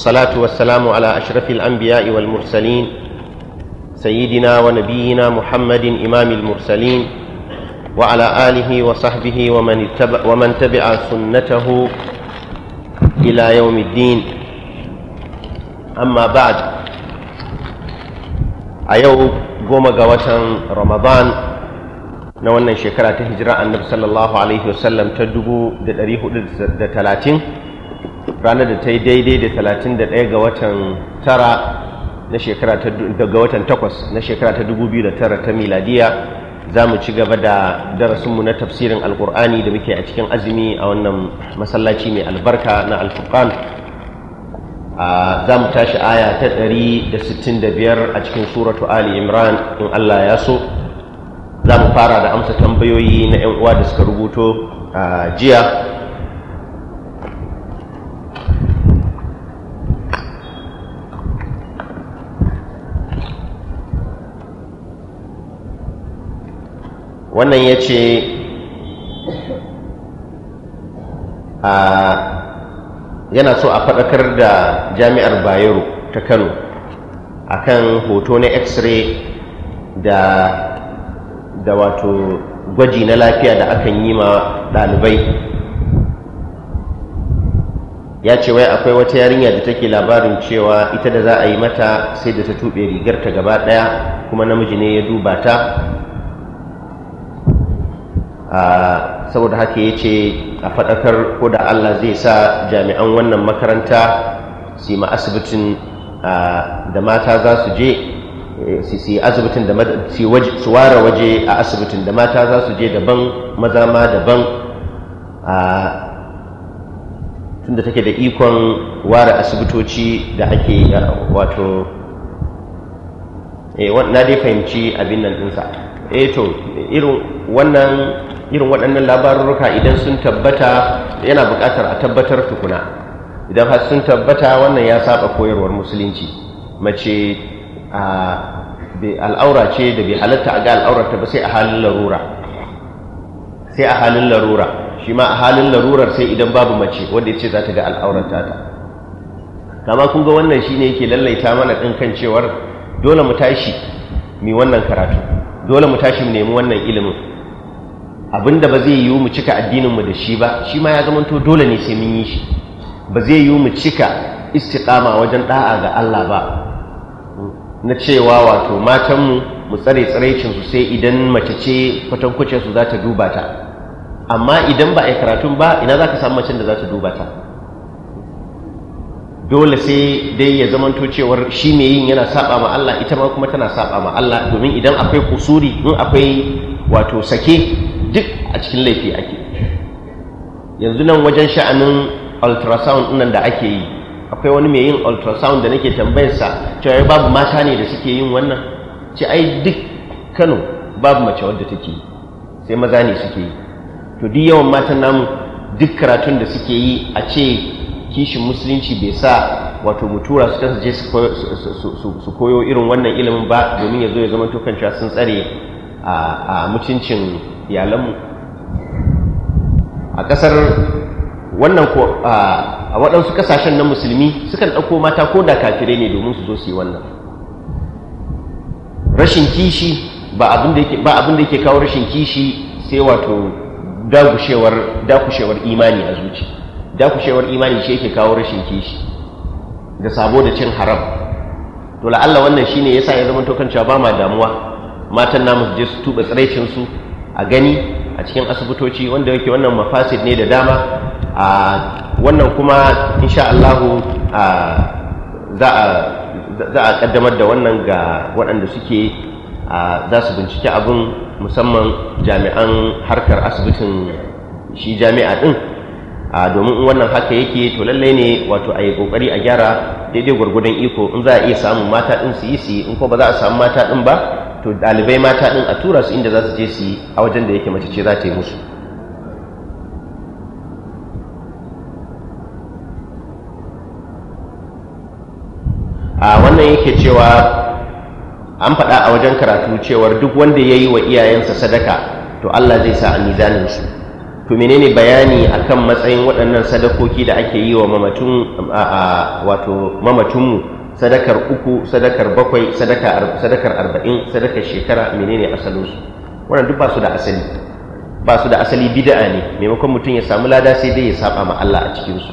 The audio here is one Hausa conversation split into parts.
الصلاة والسلام على أشرف الأنبياء والمرسلين سيدنا ونبينا محمد إمام المرسلين وعلى آله وصحبه ومن تبع, ومن تبع سنته إلى يوم الدين أما بعد أيو قوم قوة رمضان نوانا شكرا تهجراء النبي صلى الله عليه وسلم تدبو ta dubu دل ranar da ta yi daidai da talatin da ɗaya ga watan tara na shekara ta daga watan takwas na shekara ta dubu da tara ta miladiya za mu ci gaba da darasinmu na tafsirin alkur'ani da muke a cikin azumi a wannan masallaci mai albarka na alfurqan za mu tashi aya ta ɗari sittin da biyar a cikin suratu ali imran in allah ya so za mu fara da amsa tambayoyi na 'yan uwa da suka rubuto jiya wannan ya ce yana so a faɗakar da jami'ar bayero ta kano akan hoto na x-ray da da wato gwaji na lafiya da akan yi ma ɗalibai ya ce wai akwai wata yarinya da take labarin cewa ita da za a yi mata sai da ta tuɓe rigarta gaba ɗaya kuma namiji ne ya duba ta Ah, saboda haka ya ce a faɗakar ko da allah zai sa jami'an wannan makaranta su ma asibitin ah, da mata za su je eh, su asibitin da su ware waje a asibitin da mata za su je daban maza ma daban ah, tunda take da ikon ware asibitoci da ake wato eh, na dai fahimci abin nan ɗinsa eh to irin wannan irin waɗannan labarurruka idan sun tabbata yana buƙatar a tabbatar tukuna idan har sun tabbata wannan ya saba koyarwar musulunci mace a al'aura ce da bai halatta a ga al'aurarta ba sai a halin larura sai a halin larura shi ma a halin larurar sai idan babu mace wanda ya ce za ta ga al'aurarta ta kama kun ga wannan shi ne yake lallaita mana ɗin kan cewar dole mu tashi mi wannan karatu dole mu tashi mu nemi wannan ilimin abinda ba zai yiwu mu cika addininmu da shi ba shi ma ya zamanto dole ne sai mun yi shi ba zai yiwu mu cika istiqama wajen da'a ga Allah ba na cewa wato matanmu mu tsare su sai idan mace ce su za ta duba ta amma idan ba a yi karatun ba ina za ka samu macen da za ta duba ta dole sai dai ya zamanto cewar shi mai yin yana saba ma Allah ita ma kuma tana saba ma Allah domin idan akwai kusuri in akwai wato sake duk a cikin laifi ake yanzu nan wajen sha'anin ultrasound nan da ake yi akwai wani mai yin ultrasound da nake tambayarsa cewa babu mata ne da suke yin wannan ce ai duk kano babu mace wadda take yi sai maza ne suke yi to duk yawan matan namu duk karatun da suke yi a ce kishin musulunci bai sa wato mutura su kansu je su koyo irin wannan ilimin ba domin ya zo ya zama tukancewa sun tsare a mutuncin iyalanmu a kasar wannan ko a waɗansu kasashen na musulmi sukan ɗauko mata ko da kafirai ne domin su zo su yi wannan rashin kishi ba abin da yake kawo rashin kishi sai wato dakushewar imani a zuci dakushewar imani shi yake kawo rashin kishi da sabo da cin haram to la'alla wannan shine yasa ya zama tokancewa ba ma damuwa matan namu su je su tuba tsiraicinsu a gani a cikin asibitoci wanda yake wannan mafasid ne da dama a wannan kuma insha Allahu za a kaddamar da wannan ga waɗanda suke za su binciki abin musamman jami'an harkar asibitin shi jami'a ɗin domin wannan haka yake to lallai ne wato a yi ƙoƙari a gyara daidai gwargwadon iko in za a iya samun mata ɗin su yi su yi in ko ba za a samu mata ɗin ba to dalibai mata din a tura su inda za su je su yi a wajen da yake mace ce za ta yi musu a wannan yake cewa an faɗa a wajen karatu cewar duk wanda ya yi wa iyayensa sadaka to Allah zai sa a su to menene bayani akan matsayin waɗannan sadakoki da ake yi wa mamatunmu sadakar uku sadakar bakwai sadakar arba'in sadakar shekara menene asalinsu wannan duk ba da asali ba su da asali bida'a ne maimakon mutum ya samu lada sai dai ya saba ma Allah a cikinsu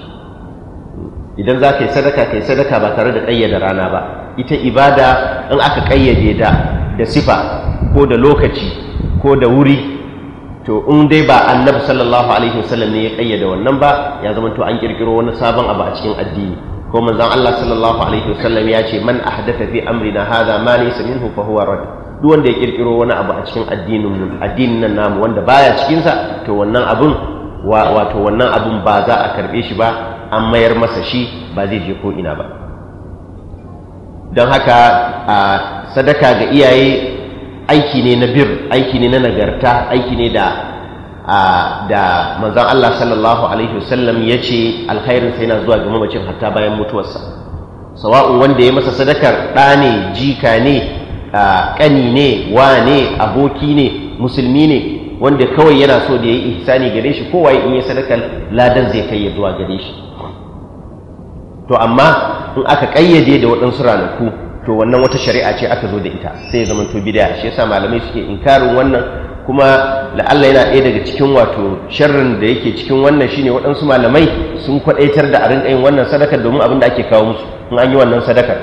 idan za ka yi sadaka ka yi sadaka ba tare da ƙayyada rana ba ita ibada in aka ƙayyade da da sifa ko da lokaci ko da wuri to in dai ba annabi sallallahu alaihi wasallam ne ya ƙayyada wannan ba ya zama to an ƙirƙiro wani sabon abu a cikin addini ko manzon Allah sallallahu alaihi wasallam ya ce man ahdatha fi amrina hadha ma laysa minhu fa huwa rad duk wanda ya kirkiro wani abu a cikin addinin mu addinin nan namu wanda baya cikin sa to wannan abun wato wannan abun ba za a karbe shi ba an mayar masa shi ba zai je ko ina ba don haka a sadaka ga iyaye aiki ne na bir aiki ne na nagarta aiki ne da da manzan Allah sallallahu alaihi wasallam ya ce alkhairin sai yana zuwa ga mamacin hatta bayan mutuwarsa Sawa'u wanda ya masa sadakar ɗa ne jika ne ƙani ne wa ne, aboki ne musulmi ne wanda kawai yana so da ya yi ihsani gare shi kowa in yi sadakar ladan zai kai ya zuwa gare shi to amma in aka ƙayyade da waɗansu ranaku to wannan wata shari'a ce aka zo da ita sai ya zama to bid'a shi yasa malamai suke inkarin wannan kuma la'alla yana ɗaya daga cikin wato sharrin da yake cikin wannan shine waɗansu malamai sun kwaɗaitar da a rinƙa yin wannan sadakar domin abin da ake kawo musu in an yi wannan sadakar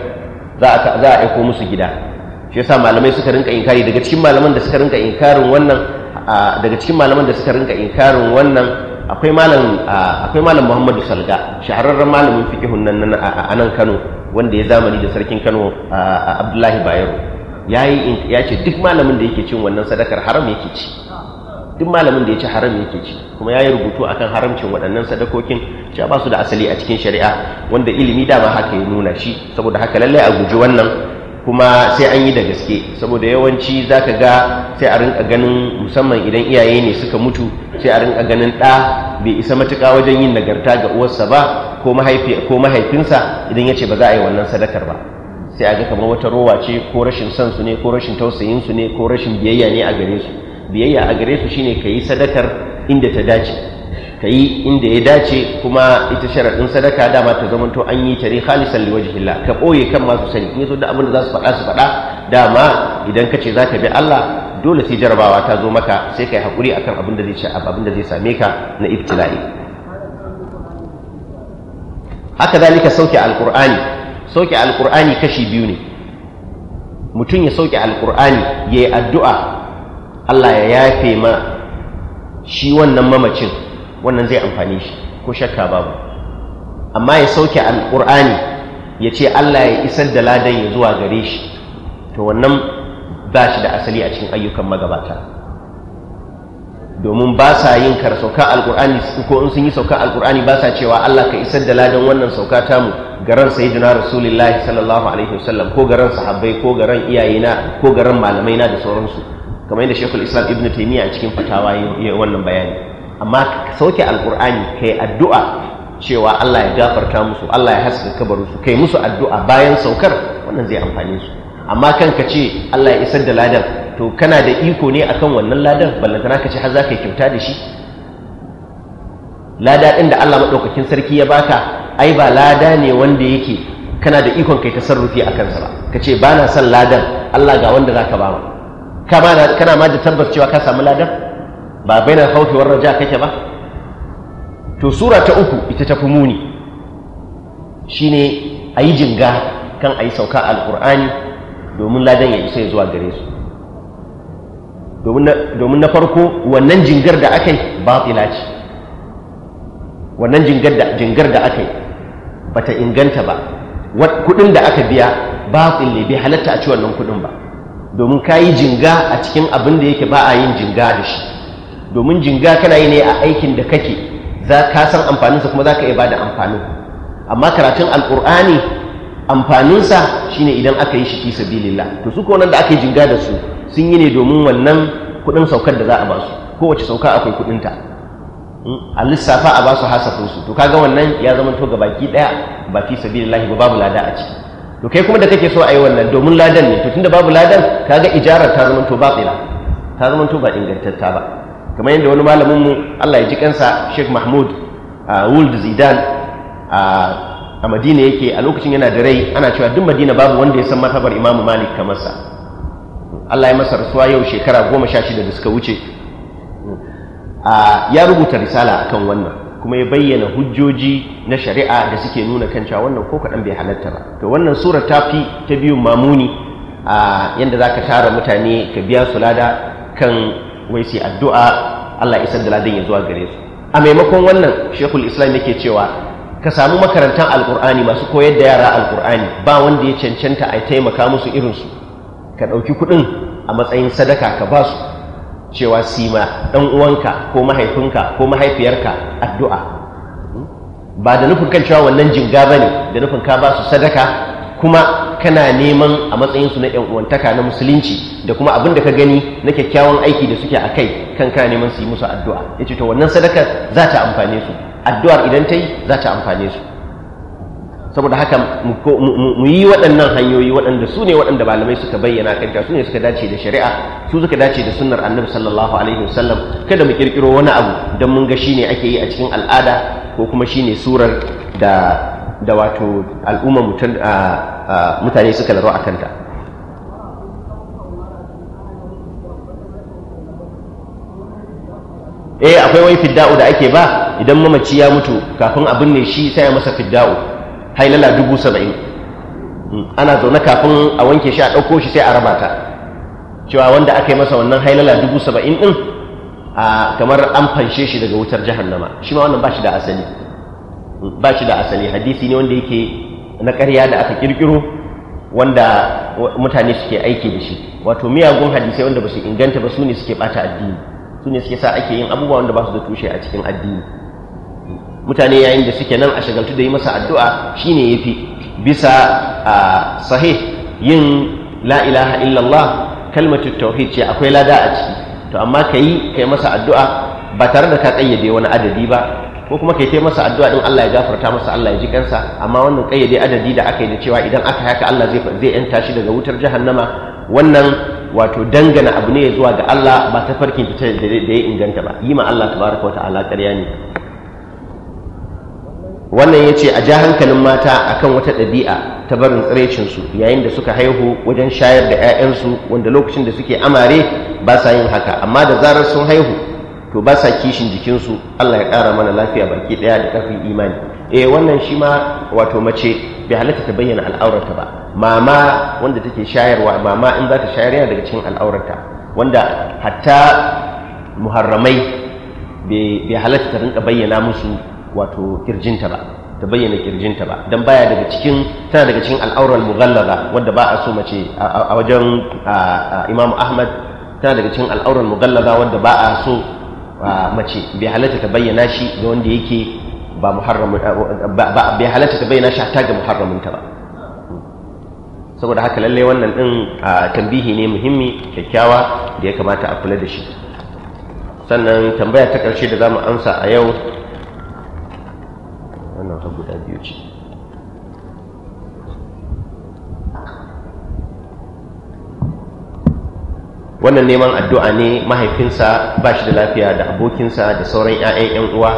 za a aiko musu gida shi yasa malamai suka rinƙa inkari daga cikin malaman da suka rinƙa inkarin wannan daga cikin malaman da suka rinƙa inkarin wannan akwai malam akwai malam Muhammadu Salga shahararren malamin fiqihun nan a nan Kano wanda ya zamani da sarkin Kano Abdullahi Bayero yayi ya ce duk malamin da yake cin wannan sadakar haram yake ci duk malamin da ya ci haram yake ci kuma yi rubutu akan haramcin waɗannan sadakokin cewa ba su da asali a cikin shari'a wanda ilimi dama haka ya nuna shi saboda haka lallai a guji wannan kuma sai an yi da gaske saboda yawanci zaka ga sai a rinka ganin musamman idan iyaye ne suka mutu sai a rinka ganin ɗa bai isa matuƙa wajen yin nagarta ga uwarsa ba ko mahaifinsa idan ya ce ba za a yi wannan sadakar ba sai a ga kamar wata rowa ce ko rashin son su ne ko rashin tausayin su ne ko rashin biyayya ne a gare su biyayya a gare su shine ka sadakar inda ta dace ka inda ya dace kuma ita sharaɗin sadaka dama ta zama to an yi ta ne khalisan liwajihillah ka boye kan masu sani in yaso da abin da za su faɗa su faɗa dama idan kace ce za ka bi Allah dole sai jarabawa ta zo maka sai kai hakuri akan abin da zai ci abin zai same ka na iftila'i. haka zalika sauke alqur'ani sauke alkur'ani kashi biyu ne mutum ya sauke alkur'ani ya yi addu'a allah ya yafe ma shi wannan mamacin wannan zai amfani shi ko shakka babu amma ya sauke alkur'ani ya ce allah ya isar da ladan ya zuwa gare shi to wannan ba shi da asali a cikin ayyukan magabata domin ba sa yin kar sauka alkur'ani ko in sun yi sauka alkur'ani ba sa cewa allah ka isar da ladan wannan sauka tamu garan sayyidina rasulullahi sallallahu alaihi wasallam ko garan sahabbai ko garan iyayena ko garan malamai na da sauransu kamar yadda shekul islam ibn taymiya a cikin fatawa ya wannan bayani amma sauke alqur'ani kai addu'a cewa Allah ya gafarta musu Allah ya haska kabarinsu, kai musu addu'a bayan saukar wannan zai amfane su amma kan ka ce Allah ya isar da ladan to kana da iko ne akan wannan ladan ballantana ka ce har za ka kyauta da shi lada ɗin da Allah maɗaukakin sarki ya baka ai ba lada ne wanda yake kana da ikon kai tasarrufi a kansa ba ka ce ba na son ladan Allah ga wanda za ka ba kana ma da tabbas cewa ka samu ladan ba bai na haufewar raja kake ba to sura ta uku ita ta fi muni ne a yi jinga kan a yi sauka al'ur'ani domin ladan ya isa ya zuwa gare su domin na farko wannan jingar da aka yi batila ce wannan jingar da aka yi bata inganta ba kudin da aka biya batil ne bai halatta a ci wannan kudin ba domin ka yi jinga a cikin abin da yake ba a yin jinga da shi domin jinga kana yi ne a aikin da kake za ka san amfaninsa kuma za ka iya bada amfanin amma karatun alkur'ani amfaninsa ne idan aka yi shi fi sabilillah to su ko da aka yi jinga da su sun yi ne domin wannan kudin saukar da za a ba su kowace sauka akwai kudinta a lissafa a basu hasafin su to kaga wannan ya zama to ga baki daya ba fi sabilillahi ba babu lada a ciki to kai kuma da kake so a yi wannan domin ladan ne to tunda babu ladan kaga ijarar ta zama to tsira, ta zama to ba ingantatta ba kamar yadda wani malamin mu Allah ya ji kansa Sheikh Mahmud a Wold Zidan a Madina yake a lokacin yana da rai ana cewa duk Madina babu wanda ya san matabar Imam Malik kamar sa Allah ya masa rasuwa yau shekara goma sha shida da suka wuce ya rubuta risala akan wannan kuma ya bayyana hujjoji na shari'a da suke nuna kan cewa wannan ko kaɗan bai halatta ba to wannan sura ta fi ta biyun mamuni a yadda za ka tara mutane ka biya su lada kan wai sai addu'a Allah isar da ladan ya zuwa gare su a maimakon wannan shekul islam yake cewa ka samu makarantar alkur'ani masu koyar da yara alkur'ani ba wanda ya cancanta a taimaka musu irinsu ka ɗauki kuɗin a matsayin sadaka ka ba su cewa sima ɗan uwanka ko mahaifinka ko mahaifiyarka addu'a ba da nufin kan cewa wannan jinga ba ne da nufin ka ba su sadaka kuma kana neman a matsayinsu na ‘yan uwantaka na musulunci da kuma abin da ka gani na kyakkyawan aiki da suke a kai kan kana neman su yi musu addu'a ya ce to wannan sadakar za ta amfane su addu'ar idan ta yi za ta amfane su saboda haka mu yi waɗannan hanyoyi waɗanda su ne waɗanda malamai suka bayyana kanta su ne suka dace da shari'a su suka dace da sunnar annabi sallallahu alaihi wasallam kada mu kirkiro wani abu don mun ga shine ake yi a cikin al'ada ko kuma shine surar da wato al'umma mutane suka laro a kanta eh akwai wai fidda'u da ake ba idan mamaci ya mutu kafin abin ne shi sai ya masa fidda'u hailala dubu saba'in hmm, ana zaune kafin a wanke shi a ɗauko shi sai a raba ta cewa wanda aka yi masa wannan hailala dubu saba'in ɗin a kamar an fanshe shi daga wutar jahannama shi ma wannan ba shi da asali hmm, ba shi da asali hadisi ne wanda yake na ƙarya da aka ƙirƙiro wanda mutane suke aiki da shi wato miyagun hadisai wanda ba su inganta ba su ne suke ɓata addini su ne suke sa ake yin abubuwa wanda ba su da tushe a cikin addini mutane yayin da suke nan a shagaltu da yi masa addu'a shi ne ya fi bisa a sahih yin la'ilaha illallah kalmatu tauhid ce akwai lada a ciki to amma ka yi ka yi masa addu'a ba tare da ka kayyade wani adadi ba ko kuma kai masa addu'a ɗin Allah ya gafarta masa Allah ya ji kansa amma wannan kayyade adadi da aka yi da cewa idan aka haka Allah zai zai yanta shi daga wutar jahannama wannan wato dangana abu ne zuwa ga Allah ba ta farkin ta da ya inganta ba yi ma Allah tabaraka wa ta'ala ƙarya ne wannan ya ce a ja hankalin mata akan wata ɗabi'a ta barin tsiraicinsu yayin da suka haihu wajen shayar da 'ya'yansu wanda lokacin da suke amare ba sa yin haka amma da zarar sun haihu to ba sa kishin jikinsu allah ya ƙara mana lafiya baki ɗaya da ƙarfin imani E, wannan shi ma wato mace bai halatta ta bayyana al'aurarta ba mama wanda take shayarwa mama in za ta shayar yana daga cikin al'aurarta wanda hatta muharramai bai halatta ta rinka bayyana musu wato kirjinta ba ta bayyana kirjinta ba don baya daga cikin tana daga cikin al'aurar mughallaza wadda ba a so mace a wajen Imam Ahmad tana daga cikin al'aurar mughallaza wadda ba a so mace bai halatta ta bayyana shi ga wanda yake ba muharramin ba bai halatta ta bayyana shi ta ga muharramin ta ba saboda haka lalle wannan din tambihi ne muhimmi kyakkyawa da ya kamata a kula da shi sannan tambaya ta ƙarshe da za mu amsa a yau wannan guda biyu ce wannan neman addu'a ne mahaifinsa ba shi da lafiya da abokinsa da sauran 'ya'yan 'yan uwa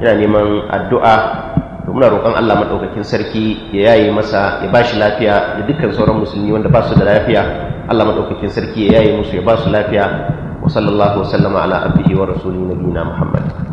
yana neman addu'a da muna roƙon Allah maɗaukakin sarki ya yaye masa ya ba shi lafiya da dukkan sauran musulmi wanda ba su da lafiya Allah maɗaukakin sarki ya yaye musu ya ba su lafiya wa sallallahu wa sallama ala abdihi wa rasulina nabiyina Muhammad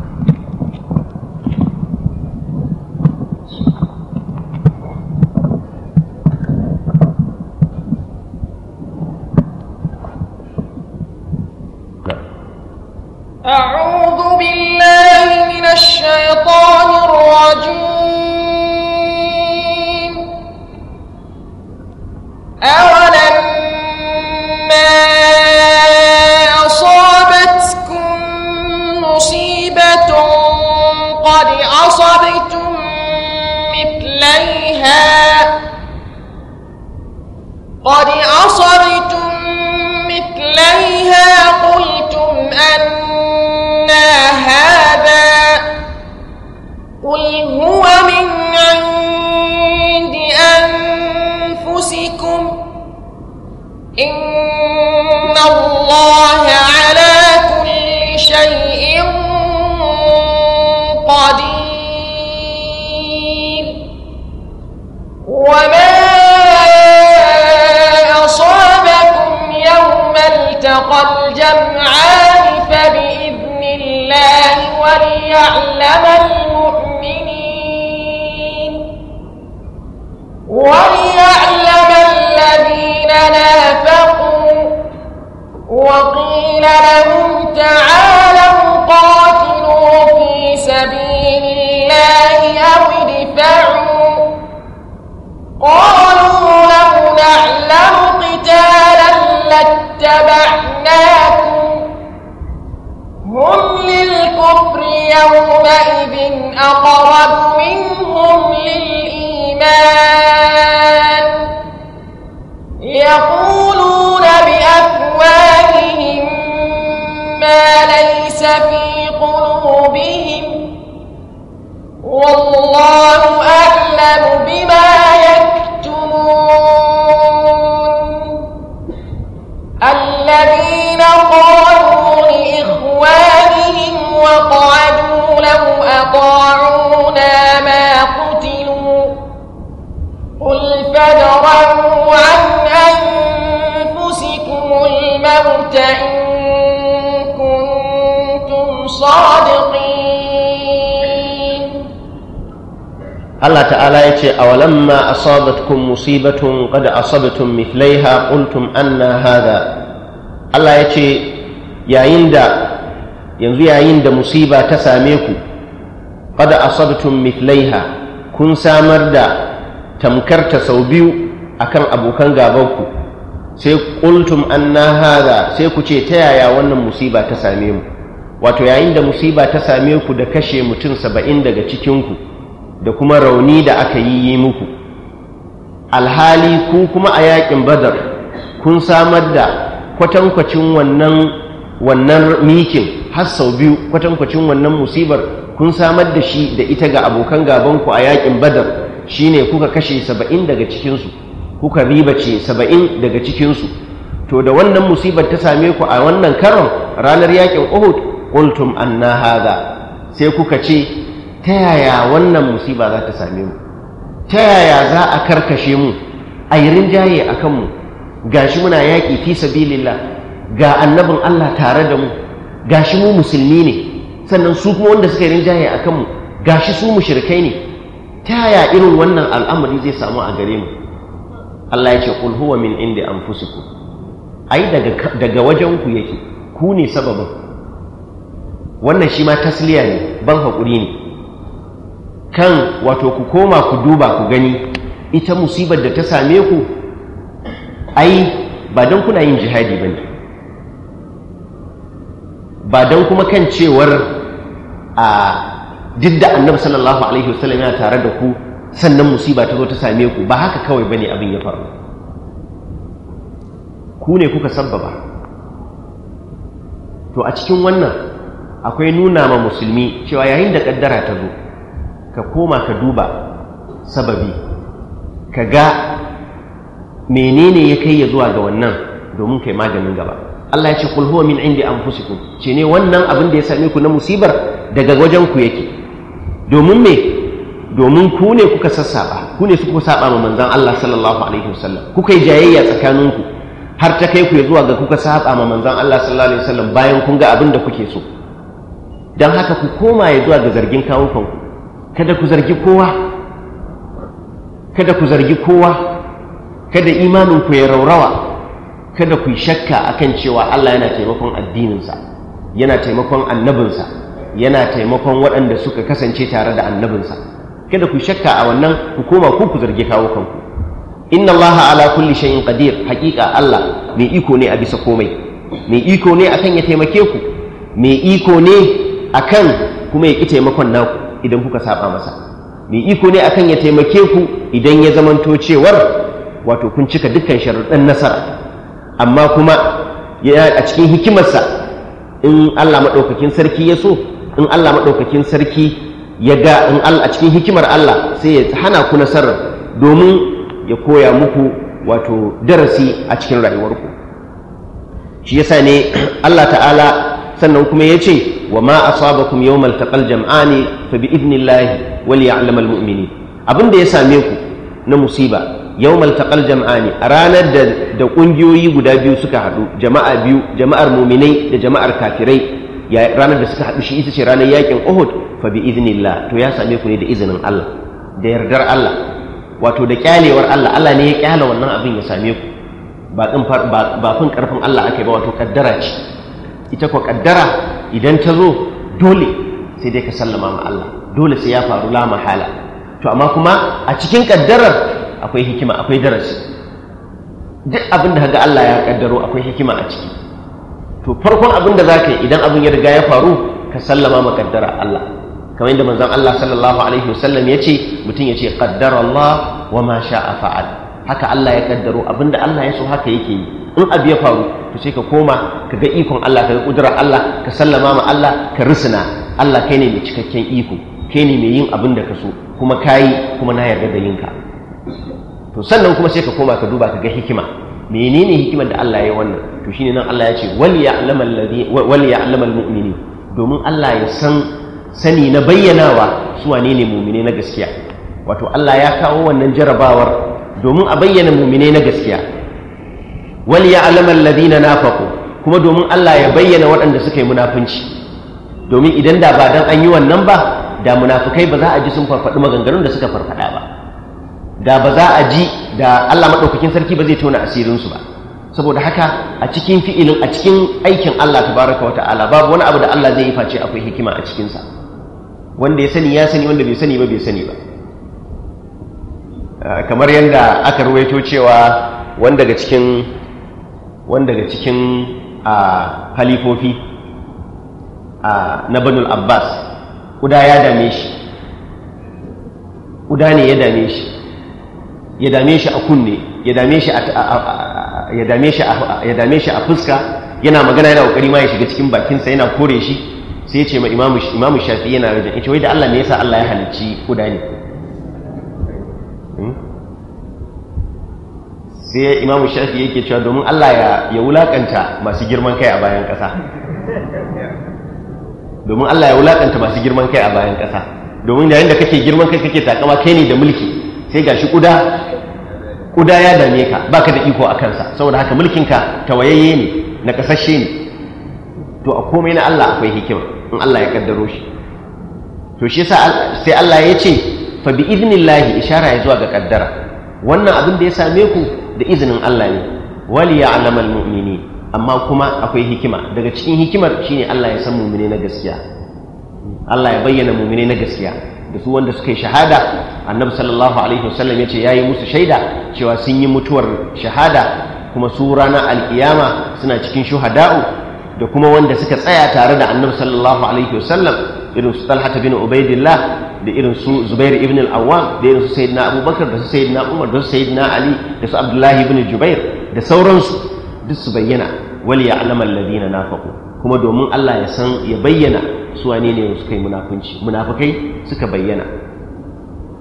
يقولون بأفواههم ما ليس في قلوبهم والله أعلم بما يكتمون الذين قالوا لإخوانهم وقعدوا لو أطاعوا الرد إن كنتم صادقين الله تعالى يتي أولما أصابتكم مصيبة قد أصبتم مثليها قلتم أن هذا الله يتي يا يندى ينزو يا يندى مصيبة تساميكم قد أصبتم مثليها كن سامر دا تمكرت سوبيو بيو أكن أبو كان غابوكم sai qultum anna hadha sai ku ce ta yaya wannan musiba ta same mu wato yayin da musiba ta same ku da kashe mutum saba'in daga cikinku da kuma rauni da aka yi yi muku alhali ku kuma a yakin badar kun samar da kwatankwacin wannan wannan mikin har sau biyu kwatankwacin wannan musibar kun samar da shi da ita ga abokan gabanku a yakin badar shine kuka kashe saba'in daga cikinsu kuka riba ce saba'in daga cikinsu to da wannan musibar ta same ku a wannan karon ranar yakin uhud qultum anna hadha sai kuka ce ta yaya wannan musiba za ta same mu ta yaya za a karkashe mu a yi rinjaye a kanmu ga shi muna yaƙi fi sabilillah ga annabin Allah tare da mu ga shi mu musulmi ne sannan su kuma wanda suka yi rinjaye a kanmu ga shi su mushrikai ne ta yaya irin wannan al'amari zai samu a gare mu Allah ya ce qul huwa min indi anfusikum ai daga daga wajen ku yake ku ne sababin wannan shi ma tasliya ne ban hakuri ne kan wato ku koma ku duba ku gani ita musibar da ta same ku ai ba don kuna yin jihadi ba ne ba don kuma kan cewar a duk annabi sallallahu alaihi wasallam yana tare da ku sannan musiba ta zo ta same ku ba haka kawai bane abin ya faru ku ne kuka sabbaba to a cikin wannan akwai nuna ma musulmi cewa yayin da kaddara ta zo ka koma ka duba sababi ka ga menene ya kai ya zuwa ga wannan domin kai maganin gaba Allah ya ce kul huwa min indi anfusikum ce ne wannan abin da ya same ku na musibar daga wajen ku yake domin me domin ku ne kuka sassaba ku ne suka saba ma manzon Allah sallallahu alaihi wasallam kuka yi jayayya tsakaninku har ta kai ku zuwa ga kuka saba ma manzon Allah sallallahu alaihi wasallam bayan kun ga abin da kuke so dan haka ku koma ya zuwa ga zargin kawukan ku kada ku zargi kowa kada ku zargi kowa kada imanin ku ya raurawa kada ku shakka akan cewa Allah yana taimakon addininsa yana taimakon annabinsa yana taimakon waɗanda suka kasance tare da annabinsa kada ku shakka a wannan ku koma ku ku zargi kawo kanku inna allaha ala kulli shay'in qadir haqiqa allah mai iko ne a bisa komai mai iko ne akan ya taimake ku mai iko ne akan kuma ya ki taimakon naku idan kuka saba masa mai iko ne akan ya taimake ku idan ya zamanto cewar wato kun cika dukkan sharuɗan nasara amma kuma ya a cikin hikimarsa in Allah maɗaukakin sarki ya so in Allah maɗaukakin sarki ya ga in Allah a cikin hikimar Allah sai ya hana ku nasarar domin ya koya muku wato darasi a cikin rayuwarku shi yasa ne Allah ta'ala sannan kuma ya ce wa ma a asabakum yawmal jama'a jam'ani fa bi idnillahi ya ya'lamal mu'minin abin da ya same ku na musiba yau maltaƙal jam'ani a ranar da ƙungiyoyi guda biyu suka haɗu jama'a biyu jama'ar muminai da jama'ar kafirai ranar da suka haɗu shi ita ce ranar yakin uhud fa bi iznillah to ya same ku ne da izinin Allah da yardar Allah wato da kyalewar Allah Allah ne ya kyala wannan abin ya same ku ba din ba fin karfin Allah ake ba wato kaddara ce ita ko kaddara idan ta zo dole sai dai ka sallama ma Allah dole sai ya faru la mahala to amma kuma a cikin kaddarar akwai hikima akwai darasi duk abin da kaga Allah ya kaddaro akwai hikima a ciki to farkon abin da za ka yi idan abin ya riga ya faru ka sallama makaddara Allah kamar yadda manzon Allah sallallahu alaihi wasallam ya ce mutum ya ce qaddara Allah wa ma sha'a fa'al haka Allah ya kaddaro abin da Allah ya so haka yake yi in abu ya faru to sai ka koma ka ga ikon Allah ka ga kudurar Allah ka sallama ma Allah ka risina Allah kai ne mai cikakken iko kai ne mai yin abin da ka so kuma kayi kuma na yarda da yinka to sannan kuma sai ka koma ka duba ka ga hikima menene hikimar da Allah ya wannan to shine nan Allah ya ce wal ya'lamal ladhi domin Allah ya san sani na bayyanawa su wane ne mu'mine na gaskiya wato Allah ya kawo wannan jarabawar domin a bayyana mu'mine na gaskiya wal ya'lamal ladina nafaqu kuma domin Allah ya bayyana waɗanda suka yi munafunci domin idan da ba dan an yi wannan ba da munafukai ba za a ji sun farfaɗi maganganun da suka farfaɗa ba da ba za a ji da Allah maɗaukakin sarki ba zai tona asirinsu ba saboda haka a cikin fi'ilin a cikin aikin Allah Ta baraka wa ta'ala babu wani abu da Allah zai yi face akwai hikima a cikinsa wanda ya sani ya sani wanda bai sani ba bai sani ba ah, kamar yadda aka ruwaito cewa wanda daga cikin wanda daga cikin ah, halifofi ah, na banul abbas kuda ya dame shi kuda ne ya dame shi ya dame shi a kunne ya dame shi a fuska yana magana yana kokari ma ya shiga cikin bakinsa yana kore shi sai ya ce ma imamu shafi yana rajin ita wai da Allah ne yasa Allah ya halicci kuda ne hmm? sai imamu shafi yake cewa domin Allah ya wulakanta masu girman kai a bayan ƙasa domin Allah ya wulakanta masu girman kai a bayan ƙasa domin yayin da kake girman kai kake takama kai ne da mulki sai gashi kuda kuda ya dame ka ba ka da iko a kansa saboda haka mulkinka tawayayye ne na kasashe ne to a komai na Allah akwai hikima in Allah ya kaddaro shi to shi yasa sai Allah ya ce fa bi idnillahi ishara ya zuwa ga kaddara wannan abin da ya same ku da izinin Allah ne wali ya'lamal almu'mini amma kuma akwai hikima daga cikin hikimar shine Allah ya san mumine na gaskiya Allah ya bayyana mumine na gaskiya su wanda suka yi shahada annabi sallallahu alaihi wasallam ya ce ya yi musu shaida cewa sun yi mutuwar shahada kuma su ranar alkiyama suna cikin shuhada'u da kuma wanda suka tsaya tare da annabi sallallahu alaihi wasallam irin su talha bin ubaidillah da irin su zubair ibn al-awwam da irin su sayyidina abubakar da su sayyidina umar da su sayyidina ali da su abdullahi ibn jubair da sauransu duk su bayyana wal ya'lamal na nafaqu kuma domin Allah ya san ya bayyana su wane ne suka kai munafunci munafukai suka bayyana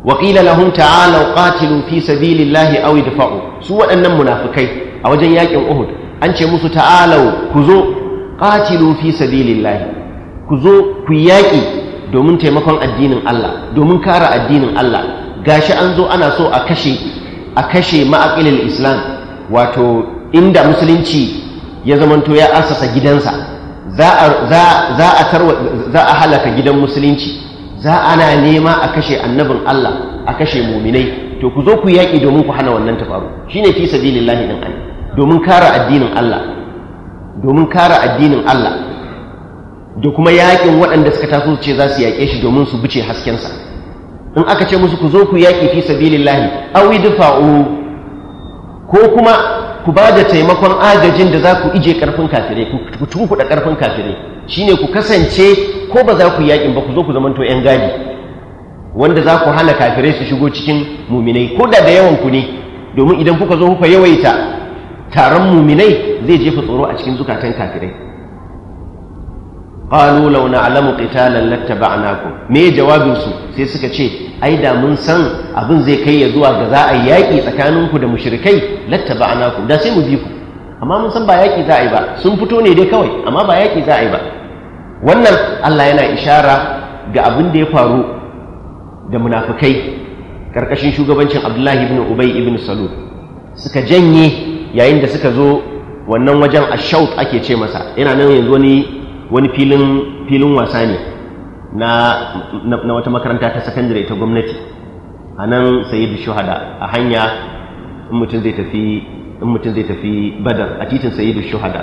wa lahun lahum qatilu fi sabilillahi aw idfa'u su waɗannan munafukai a wajen yakin Uhud an ce musu ta'alau ku zo qatilu fi sabilillahi ku zo ku yaki domin taimakon addinin Allah domin kare addinin Allah gashi an zo ana so a kashe a kashe ma'aqilil islam wato inda musulunci ya zamanto ya asasa gidansa za a halaka gidan musulunci za ana nema a kashe annabin Allah a kashe muminai to ku zo ku yaƙi domin ku hana wannan tafaru ne fi sabilillahi din an domin kare addinin Allah domin kare addinin Allah da kuma yaƙin waɗanda suka taso ce za su yaƙe shi domin su bice haskensa in aka ce musu ku zo ku yaƙi fi sabilillahi awi idfa'u ko kuma ku ba da taimakon agajin da za ku ije karfin kafirai ku tunkuɗa karfin kafirai shine ku kasance ko ba za ku yi yakin ba ku zo ku zamanto yan gadi wanda za ku hana kafirai su shigo cikin muminai ko da da yawan ku ne domin idan kuka zo kuka yawaita taron muminai zai jefa tsoro a cikin zukatan kafirai qalu law na'lamu qitalan lattaba'nakum me jawabin su sai suka ce ai da mun san abin zai kai ya zuwa ga za a yaki tsakaninku da mushrikai lattaba'nakum da sai mu bi ku amma mun san ba yaki za a yi ba sun fito ne dai kawai amma ba yaki za a yi ba wannan Allah yana ishara ga abin da ya faru da munafikai karkashin shugabancin Abdullahi ibn Ubay ibn Salul suka janye yayin da suka zo wannan wajen ashaut ake ce masa yana nan yanzu wani wani filin wasa ne na wata makaranta ta sakandare ta gwamnati a nan da shuhada a hanya in mutum zai tafi badar a titin da shuhada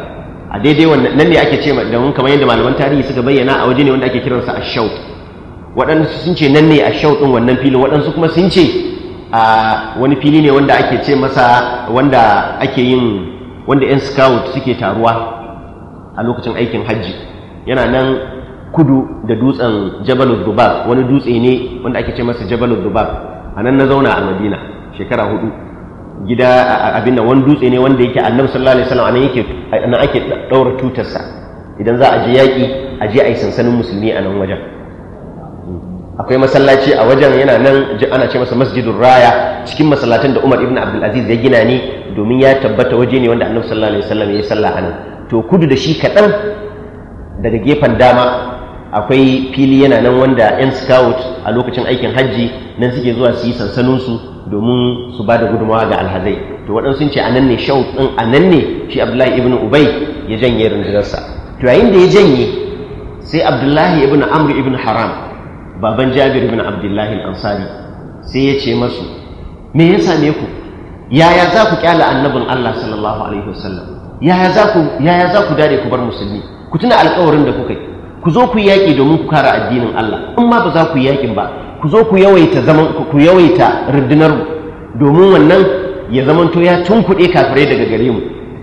a daidai wannan nan ne ake ce da kamar yadda malaman tarihi suka bayyana a waje ne wanda ake kiransa ashau waɗansu sun ce nan ne a shau din wannan filin waɗansu kuma sun ce a wani fili ne wanda ake ce masa wanda ake yin wanda 'yan scout suke taruwa a lokacin aikin hajji yana nan kudu da dutsen jabalul duba wani dutse ne wanda ake ce masa jabalul duba a nan na zauna a madina shekara hudu gida abin wani dutse ne wanda yake annabi sallallahu alaihi wasallam yake anan ake daura tutarsa idan za a je yaki a je a yi sansanin musulmi a nan wajen akwai masallaci a wajen yana nan ana ce masa masjidun raya cikin masallatan da umar ibn abdulaziz ya gina ne domin ya tabbata waje ne wanda annabi sallallahu alaihi wasallam ya yi sallah anan to kudu da shi kaɗan daga gefen dama akwai fili yana nan wanda 'yan scout a lokacin aikin hajji nan suke zuwa su yi sansaninsu domin su ba da gudunmawa ga alhazai to waɗansu ce a nan ne shauk ɗin a nan ne shi abdullahi ibn ubai ya janye rundunarsa to yayin da ya janye sai abdullahi ibn amr ibn haram baban jabir ibn abdullahi ansari sai ya ce masu me ya same ku yaya za ku kyala annabin allah sallallahu alaihi wasallam yaya za ku dare ku bar musulmi ku tuna alkawarin da kuka yi ku zo ku yaƙi domin ku kara addinin Allah in ma ba za ku yaƙin ba ku zo ku yawaita zaman ku yawaita rundunar domin wannan ya zamanto ya tunkuɗe kafirai daga gare mu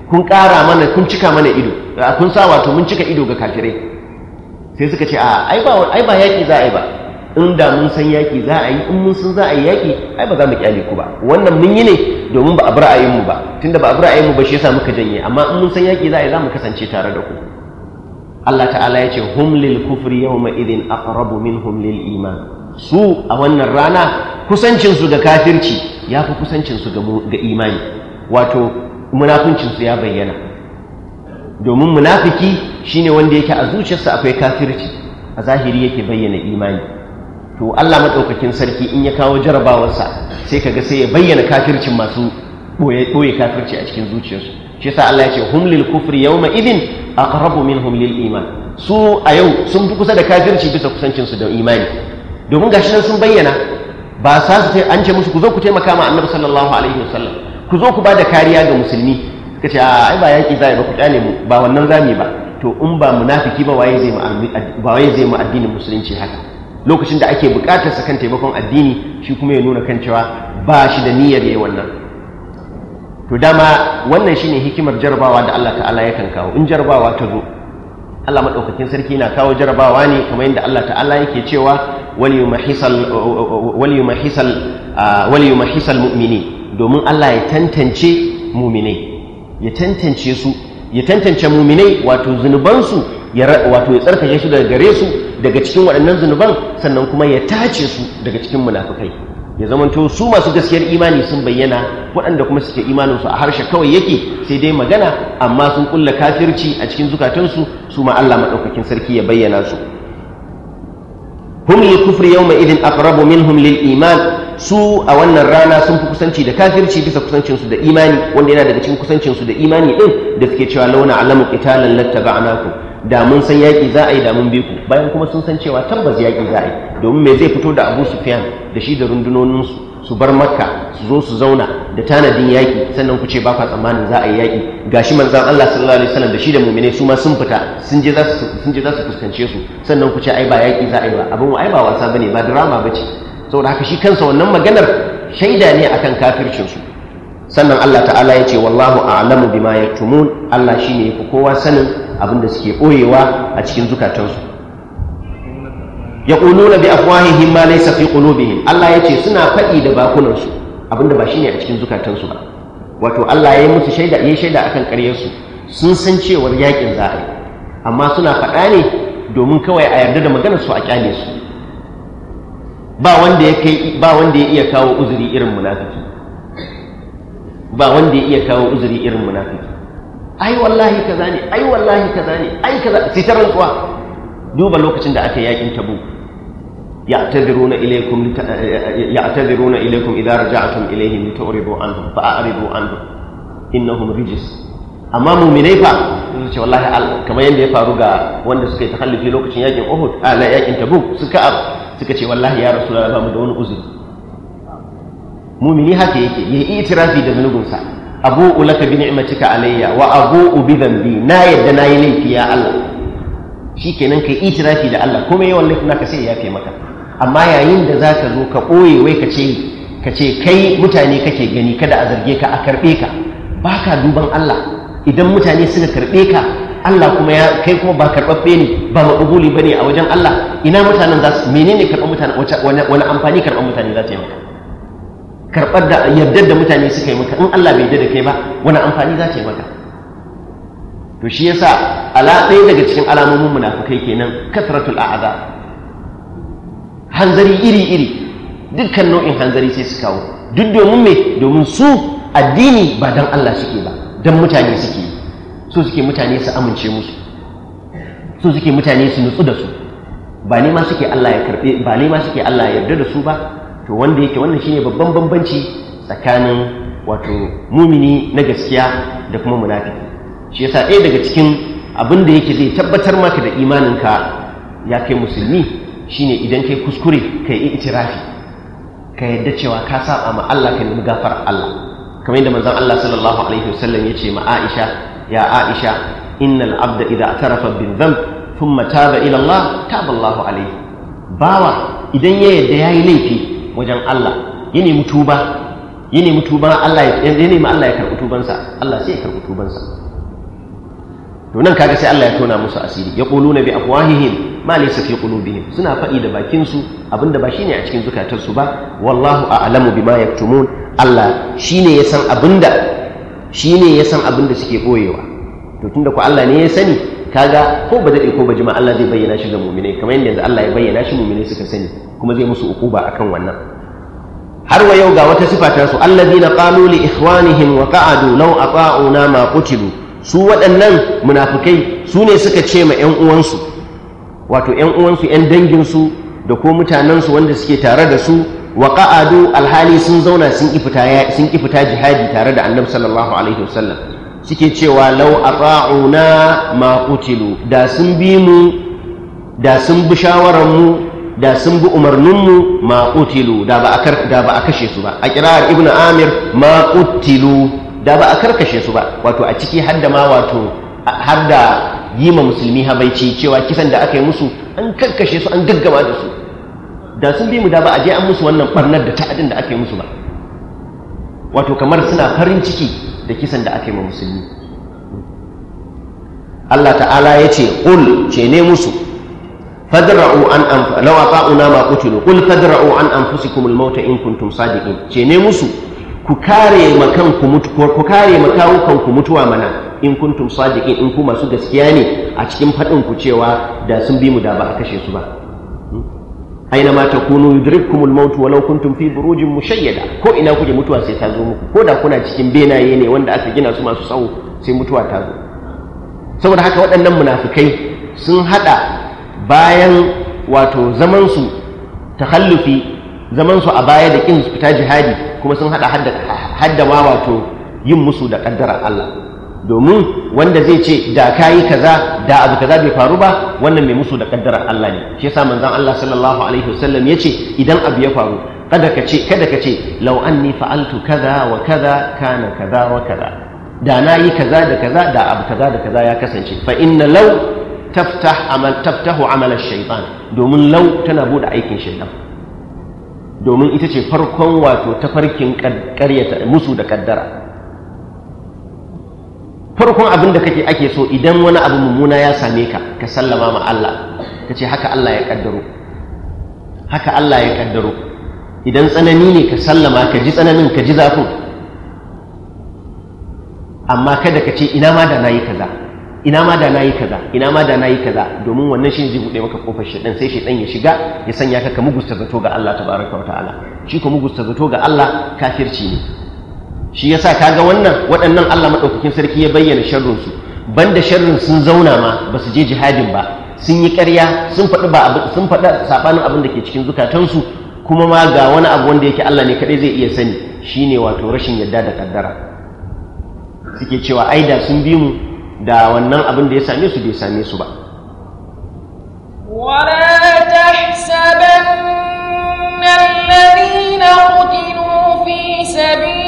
kun ƙara mana kun cika mana ido kun sa wato mun cika ido ga kafirai sai suka ce a ai ba ai ba yaƙi za a yi ba in da mun san yaƙi za a yi in mun san za a yi yaƙi ai ba za mu ƙyale ku ba wannan mun yi ne domin ba a bi ra'ayinmu ba tunda ba a bi ra'ayinmu ba shi yasa muka janye amma in mun san yaƙi za a yi za mu kasance tare da ku Allah ta'ala ya ce hum lil kufri yawma idhin aqrabu minhum lil iman su a wannan rana kusancin su ga kafirci ya fi kusancin su ga imani wato munafincin su ya bayyana domin munafiki shine wanda yake a zuciyarsa akwai kafirci a zahiri yake bayyana imani to Allah maɗaukakin sarki in ya kawo jarabawarsa sai ka ga sai ya bayyana kafircin masu ɓoye kafirci a cikin zuciyarsu shi yasa Allah ya ce hum lil kufri yawma idin aqrabu minhum lil iman su a yau sun fi kusa da kafirci bisa kusancinsu da imani domin gashi nan sun bayyana ba sa su an ce musu ku zo ku taimaka ma annabi sallallahu alaihi wasallam ku zo ku ba da kariya ga musulmi Ka ce ai ba yaki zai ba ku kyale mu ba wannan zami ba to in ba munafiki ba waye zai mu addinin musulunci haka lokacin da ake bukatar sa kan taimakon addini shi kuma ya nuna kan cewa ba shi da niyyar yayi wannan to dama wannan shine hikimar jarabawa da Allah ta'ala yakan kawo in jarabawa ta zo Allah madaukakin sarki na kawo jarabawa ne kamar yadda Allah ta'ala yake cewa wal yumahisal wal yumahisal wal mu'minin domin Allah ya tantance mu'minai ya tantance su ya tantance mu'minai wato zunubansu Ya wato ya tsarkake shi daga gare su daga cikin waɗannan zunuban sannan kuma ya tace su daga cikin munafukai ya zamanto su masu gaskiyar imani sun bayyana waɗanda kuma suke imaninsu a harshe kawai yake sai dai magana amma sun kulla kafirci a cikin zukatansu su ma Allah maɗaukakin sarki ya bayyana su hum lil kufri yawma idin aqrabu minhum lil iman su a wannan rana sun fi kusanci da kafirci bisa kusancinsu da imani wanda yana daga cikin kusancinsu da imani din da suke cewa launa alamu qitalan lattaba'nakum da mun san yaƙi za a yi da mun bi ku bayan kuma sun san cewa tabbas yaƙi za a yi domin me zai fito da abu sufiyan da shi da rundunoninsu su bar makka su zo su zauna da tanadin yaƙi sannan ku ce ba kwa tsammanin za a yi yaƙi gashi manzan Allah sallallahu alaihi wasallam da shi da mu'mine su ma sun fita sun je za su fuskance su sannan ku ce ai ba yaƙi za a yi ba abin ai ba wasa bane ba drama bace saboda haka shi kansa wannan maganar shaida ne akan kafircin su sannan Allah ta'ala ya ce wallahu a'lamu bima yaktumun Allah shine yafi kowa sanin abin da suke boyewa a cikin zukatansu yaquluna bi afwahihim ma laysa fi qulubihim Allah ya ce suna faɗi da bakunansu abin da ba shine a cikin zukatansu ba wato Allah ya yi musu shaida ya shaida akan ƙaryarsu sun san cewar yakin za a yi amma suna faɗa ne domin kawai a yarda da maganar su a kyale su ba wanda ya iya kawo uzuri irin munafiki ba wanda ya iya kawo uzuri irin munafiki ai wallahi kaza ne ai wallahi kaza ne ai kaza sai ta rantsuwa duba lokacin da aka yakin tabu ya'taziruna ilaykum ya'taziruna ilaykum idza raja'tum ilayhim lituridu anhum fa'ridu anhum innahum rijis amma mu'minai fa su ce wallahi kamar yadda ya faru ga wanda suka yi takallufi lokacin yakin Uhud a yakin Tabuk suka suka ce wallahi ya rasulullah ba mu da wani uzuri mumini haka yake yi itirafi da zunubinsa abu'u laka bi ni'matika alayya wa abu bi dhanbi na yadda nayi laifi ya Allah shikenan kai itirafi da Allah kuma yawan laifin ka sai ya fi maka amma yayin da zaka zo ka ɓoye wai ka ce ka ce kai mutane kake gani kada a zarge ka a karbe ka baka duban Allah idan mutane suka karbe ka Allah kuma ya kai kuma ba karɓaɓɓe ne ba maƙubuli ba ne a wajen Allah ina mutanen za su menene karɓar mutane wani amfani karɓar mutane za ta yi maka karɓar da yardar da mutane suka yi maka in Allah bai yarda kai ba wani amfani za ta yi maka to shi yasa ala ɗaya daga cikin alamomin munafukai kenan kasratul a'za hanzari iri iri dukkan nau'in hanzari sai su kawo duk domin me domin su addini ba dan Allah suke ba dan mutane suke so suke mutane su amince musu so suke mutane su nutsu da su ba ne ma suke Allah ya karbe ba ne ma suke Allah ya yarda da su ba to wanda yake wannan shine babban bambanci tsakanin wato mumini na gaskiya da kuma munafiki shi yasa ɗaya daga cikin abin da yake zai tabbatar maka da imaninka ya kai musulmi shine idan kai kuskure kai itirafi ka yadda cewa ka saba ma Allah ka nemi gafar Allah kamar yadda manzon Allah sallallahu alaihi wasallam ya ma Aisha ya Aisha innal abda idza atarafa bin dhanb thumma taba ila Allah taba Allah alaihi bawa idan ya yadda yayi laifi wajen Allah ya nemi tuba ya nemi tuba Allah ya nemi Allah ya karɓi tubansa Allah sai ya karɓi tubansa to nan kaga sai Allah ya tona musu asiri ya quluna bi afwahihim ma laysa fi qulubihim suna faɗi da bakin su abinda ba shine a cikin zukatarsu ba wallahu a'lamu bima yaktumun Allah shine ya san abinda shine ya san abinda suke boyewa to tunda ku Allah ne ya sani kaga ko ba daɗe ko ba jima Allah zai bayyana shi ga muminai kamar yadda yanzu Allah ya bayyana shi muminai suka sani kuma zai musu ba akan wannan har wa yau ga wata sifa ta su allazina qalu li ikhwanihim wa qa'adu law ata'una ma qutilu su waɗannan munafikai su ne suka ce ma ƴan uwansu wato ƴan uwansu ƴan dangin su da ko mutanen wanda suke tare da su wa qa'adu alhali sun zauna sun ki fita sun ki jihadi tare da Annabi sallallahu alaihi wasallam suke cewa lau ra'una ma kutilu da sun bi mu da sun bi shawaran mu da sun bi umarninmu ma kutilu da ba a kashe su ba a kirar ibn amir ma kutilu da ba a karkashe su ba wato a ciki har da ma wato har da yi ma musulmi habaici cewa kisan da aka yi musu an karkashe su an gaggama da su da sun bi mu da ba a je an musu wannan barnar da ta'adin da aka yi musu ba wato kamar suna farin ciki da kisan da aka yi ma musulmi Allah ta'ala ya ce ƙul ce ne musu fadra'u an Lawa law ata'una ma kutilu qul fadra'u an anfusikum al-maut in kuntum sadiqin ce ne musu ku kare makan ku mutu ku kare makawukan ku mutuwa mana in kuntum sadiqin in ku masu gaskiya ne a cikin faɗin ku cewa da sun bi mu da ba a kashe su ba aina ma takunu yudrikkumul maut walau kuntum fi burujin mushayyada ko ina kuke mutuwa sai ta zo muku ko da kuna cikin benaye ne wanda aka gina su masu tsawo sai mutuwa ta zo saboda haka waɗannan munafikai sun haɗa bayan wato zaman su takhallufi zaman su a baya da kin fita jihadi kuma sun hada hadda ma wato yin musu da kaddara Allah domin wanda zai ce da kayi kaza da abu kaza bai faru ba wannan mai musu da kaddarar Allah ne shi yasa manzon Allah sallallahu alaihi wasallam yace idan abu ya faru kada ka ce kada ka ce law anni fa'altu kaza wa kaza kana kaza wa kaza da na yi kaza da kaza da abu kaza da kaza ya kasance fa inna law taftah amal taftahu amal ash-shaytan domin law tana bude aikin shaytan domin ita ce farkon wato tafarkin karyata musu da kaddara farkon abin da kake ake so idan wani abu mummuna ya same ka ka sallama ma Allah ka ce haka Allah ya kaddaro haka Allah ya kaddaro idan tsanani ne ka sallama ka ji tsananin ka ji zafin amma kada ka ce ina ma da nayi kaza ina ma da nayi kaza ina ma da nayi kaza domin wannan shi zai bude maka kofar shedan sai shedan ya shiga ya sanya ka ka mugusta zato ga Allah tabaraka wa ta'ala shi ko mugusta zato ga Allah kafirci ne shi ya yasa kaga wannan waɗannan Allah Maɗaukakin sarki ya bayyana sharrinsu, su banda sharrin sun zauna ma ba su je jihadin ba sun yi karya, sun faɗi ba sun faɗa saɓanin abin da ke cikin zukatansu kuma ma ga wani abu wanda yake Allah ne kadai zai iya sani shine wato rashin yadda da ƙaddara. suke cewa ai da sun bi mu da wannan abin da ya same su bai same su ba ولا الذين قتلوا في سبيل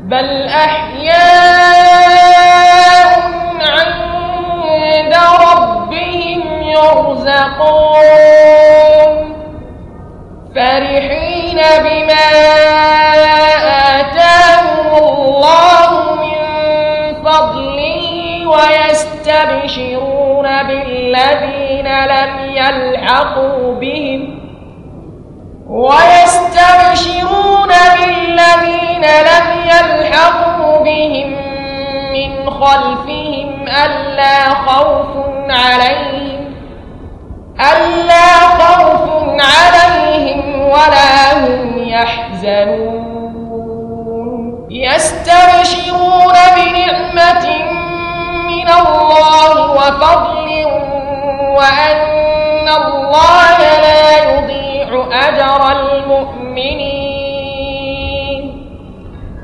بل أحياء عند ربهم يرزقون فرحين بما آتاهم الله من فضله ويستبشرون بالذين لم يلحقوا بهم ويستبشرون بالذين لم يلحقوا بهم من خلفهم ألا خوف عليهم ألا خوف عليهم ولا هم يحزنون يستبشرون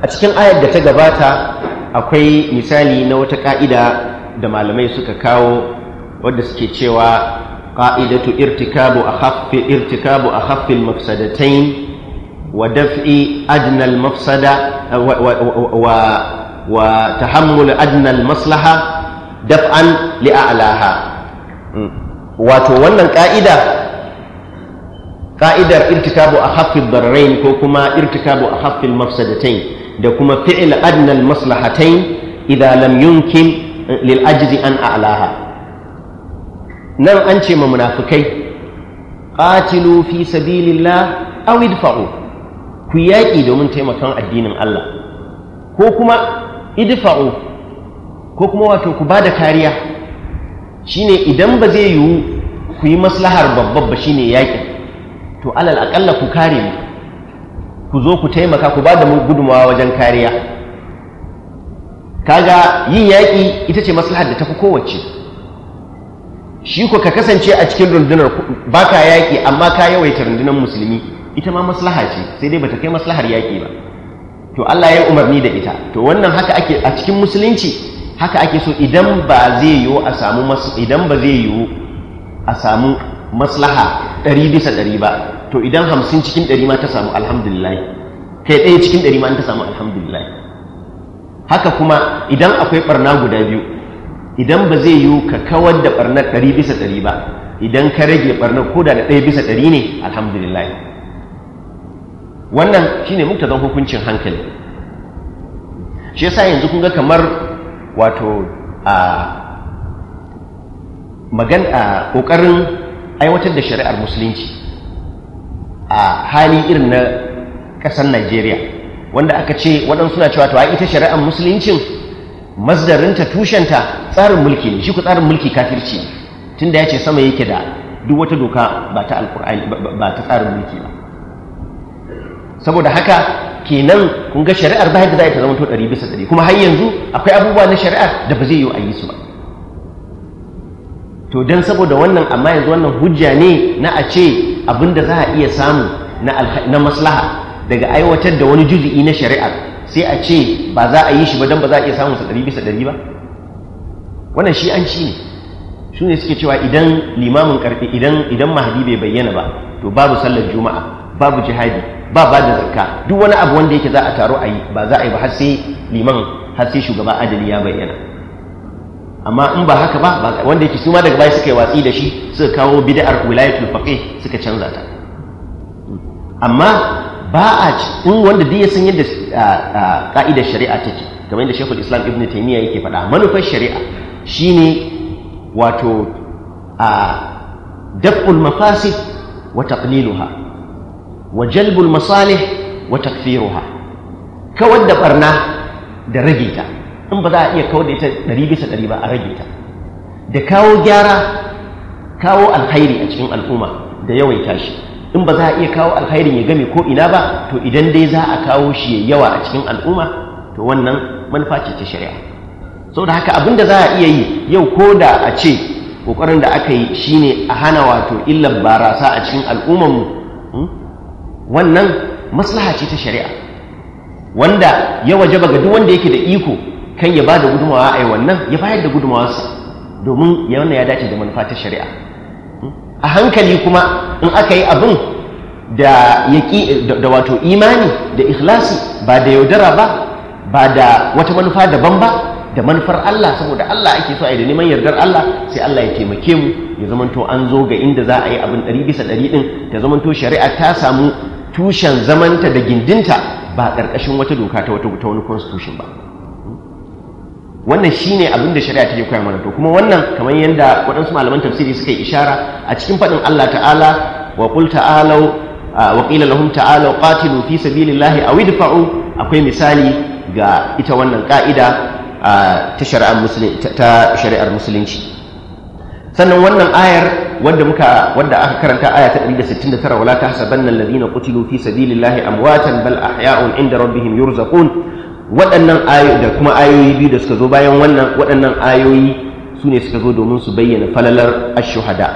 a cikin ayar da ta gabata akwai misali na wata ka'ida da malamai suka kawo wadda suke cewa 'Ka'idatu, irtikabu akhaffi irtikabu akhaffi al-mafsadatayn wa daf'i adna mafsada wa wa tahammul adna al-maslaha daf'an li'a'laha mm. wato wannan ka'ida ka'idar irtikabu a haffin barrain ko kuma irtikabu a haffin mafsadatain da kuma fi'il adnal maslahatain idza lam yumkin eh, lil ajzi an a'laha nan an ce ma munafikai qatilu fi sabilillah aw idfa'u ku yaƙi domin taimakon addinin Allah ko kuma idfa'u ko kuma wato ku bada kariya shine idan ba zai yiwu ku yi maslahar babba ba shine yaƙi to alal aƙalla ku kare mu ku zo ku taimaka ku ba da gudunmawa wajen kariya kaga yin yaƙi ita ce maslahar da tafi kowace shi ko ka kasance a cikin rundunar ba ka yaƙi amma ka yawaita rundunar musulmi ita ma maslaha ce sai dai bata kai maslahar yaƙi ba to Allah ya umarni da ita to wannan haka ake a cikin musulunci haka ake so idan ba zai yiwu a samu idan ba zai yiwu a samu maslaha ɗari bisa ɗari ba to idan hamsin cikin ɗari ma ta samu alhamdulillah kai ɗaya cikin ɗari ma ta samu alhamdulillah haka kuma idan akwai ɓarna guda biyu idan ba zai yiwu ka kawar da ɓarnar ɗari bisa ɗari ba idan ka rage ɓarnar ko da ɗaya bisa ɗari ne alhamdulillah wannan shine muktazan hukuncin hankali shi yasa yanzu kun ga kamar wato a magan a ƙoƙarin aiwatar da shari'ar musulunci a hali irin na ƙasar najeriya wanda aka ce waɗansu na cewa tawa ita shari'ar musuluncin masdarinta tushenta tsarin mulki ne shi ku tsarin mulki kafirci tunda ya ce sama yake da duk wata doka ba ta alƙur'ani ba ta tsarin mulki ba saboda haka kenan kun ga shari'ar ba yadda za ta zama to ɗari bisa ɗari kuma har yanzu akwai abubuwa na shari'ar da ba zai yi a yi su ba to don saboda wannan amma yanzu wannan hujja ne na a ce da za a iya samu na maslaha daga aiwatar da wani juzi'i na shari'ar sai a ce ba za a yi shi ba don ba za a iya samun sa ɗari bisa ɗari ba wannan shi an ci ne su ne suke cewa idan limamin karfe idan idan mahadi bai bayyana ba to babu sallar juma'a babu jihadi ba ba da zakka duk wani abu wanda yake za a taro a yi ba za a yi ba har sai liman har sai shugaba adali ya bayyana amma in ba haka ba wanda yake su ma daga baya suka yi watsi da shi suka kawo bid'ar wilayatul faqih suka canza ta amma ba a in wanda duk ya san yadda ka'idar shari'a take kamar yadda Sheikhul Islam Ibn Taymiyyah yake faɗa manufar shari'a shine wato a daf'ul mafasid wa taqliluha wa jalbul masalih wa takfiruha kawar da barna da rage ta in ba za a iya kawo da ita ɗari bisa ɗari ba a rage ta da kawo gyara kawo alkhairi a cikin al'umma da yawaita tashi, in ba za a iya kawo alkhairin ya game ko ina ba to idan dai za a kawo shi ya yawa a cikin al'umma to wannan manufa ce ta shari'a saboda haka abin da za a iya yi yau ko da a ce kokarin da aka yi shine a hana wato illar barasa a cikin al'ummar hmm? wannan maslaha ce ta shari'a wanda ya ba ga duk wanda yake da iko kan ya ba da gudunmawa a wannan ya bayar da su domin ya ya dace da manufa ta shari'a hmm? a hankali kuma in aka yi abin da wato imani da ikhlasi ba da yaudara ba ba da wata manufa daban ba da manufar Allah saboda Allah ake so a yi da neman yardar Allah sai Allah ya taimake mu ya zamanto an zo ga inda za a yi abin ɗari bisa ɗari ɗin ta zamanto shari'a ta samu tushen zamanta da gindinta ba ƙarƙashin wata doka ta wata wani constitution ba wannan shine abin da shari'a take koya mana to kuma wannan kamar yadda waɗansu malaman tafsiri suka yi ishara a cikin faɗin Allah ta'ala wa qul ta'alu wa qila lahum ta'alu qatilu fi sabilillahi aw idfa'u akwai misali ga ita wannan ka'ida ta shari'ar musulunci ta shari'ar musulunci sannan wannan ayar wadda muka wadda aka karanta aya ta 169 wala tahsabanna alladhina qutilu fi sabilillahi amwatan bal ahya'un 'inda rabbihim yurzaqun waɗannan ayoyi da kuma ayoyi biyu da suka zo bayan wannan waɗannan ayoyi su ne suka zo domin su bayyana falalar ashuhada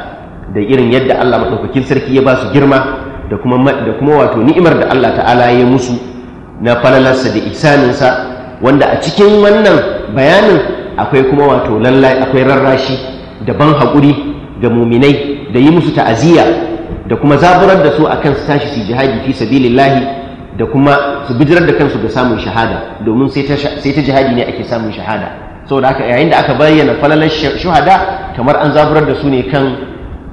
da irin yadda Allah maɗaukakin sarki ya ba su girma da kuma wato ni'imar da Allah ta'ala ya musu na falalarsa da ihsaninsa wanda a cikin wannan bayanin akwai kuma wato lallai akwai rarrashi da ban haƙuri ga muminai da yi musu ta'aziyya da kuma zaburar da su akan su tashi su jihadi fi sabilillahi da kuma su bijirar da kansu ga samun shahada domin sai ta jihadi ne ake samun shahada saboda haka yayin da aka bayyana falalar shahada, kamar an zaburar da su ne kan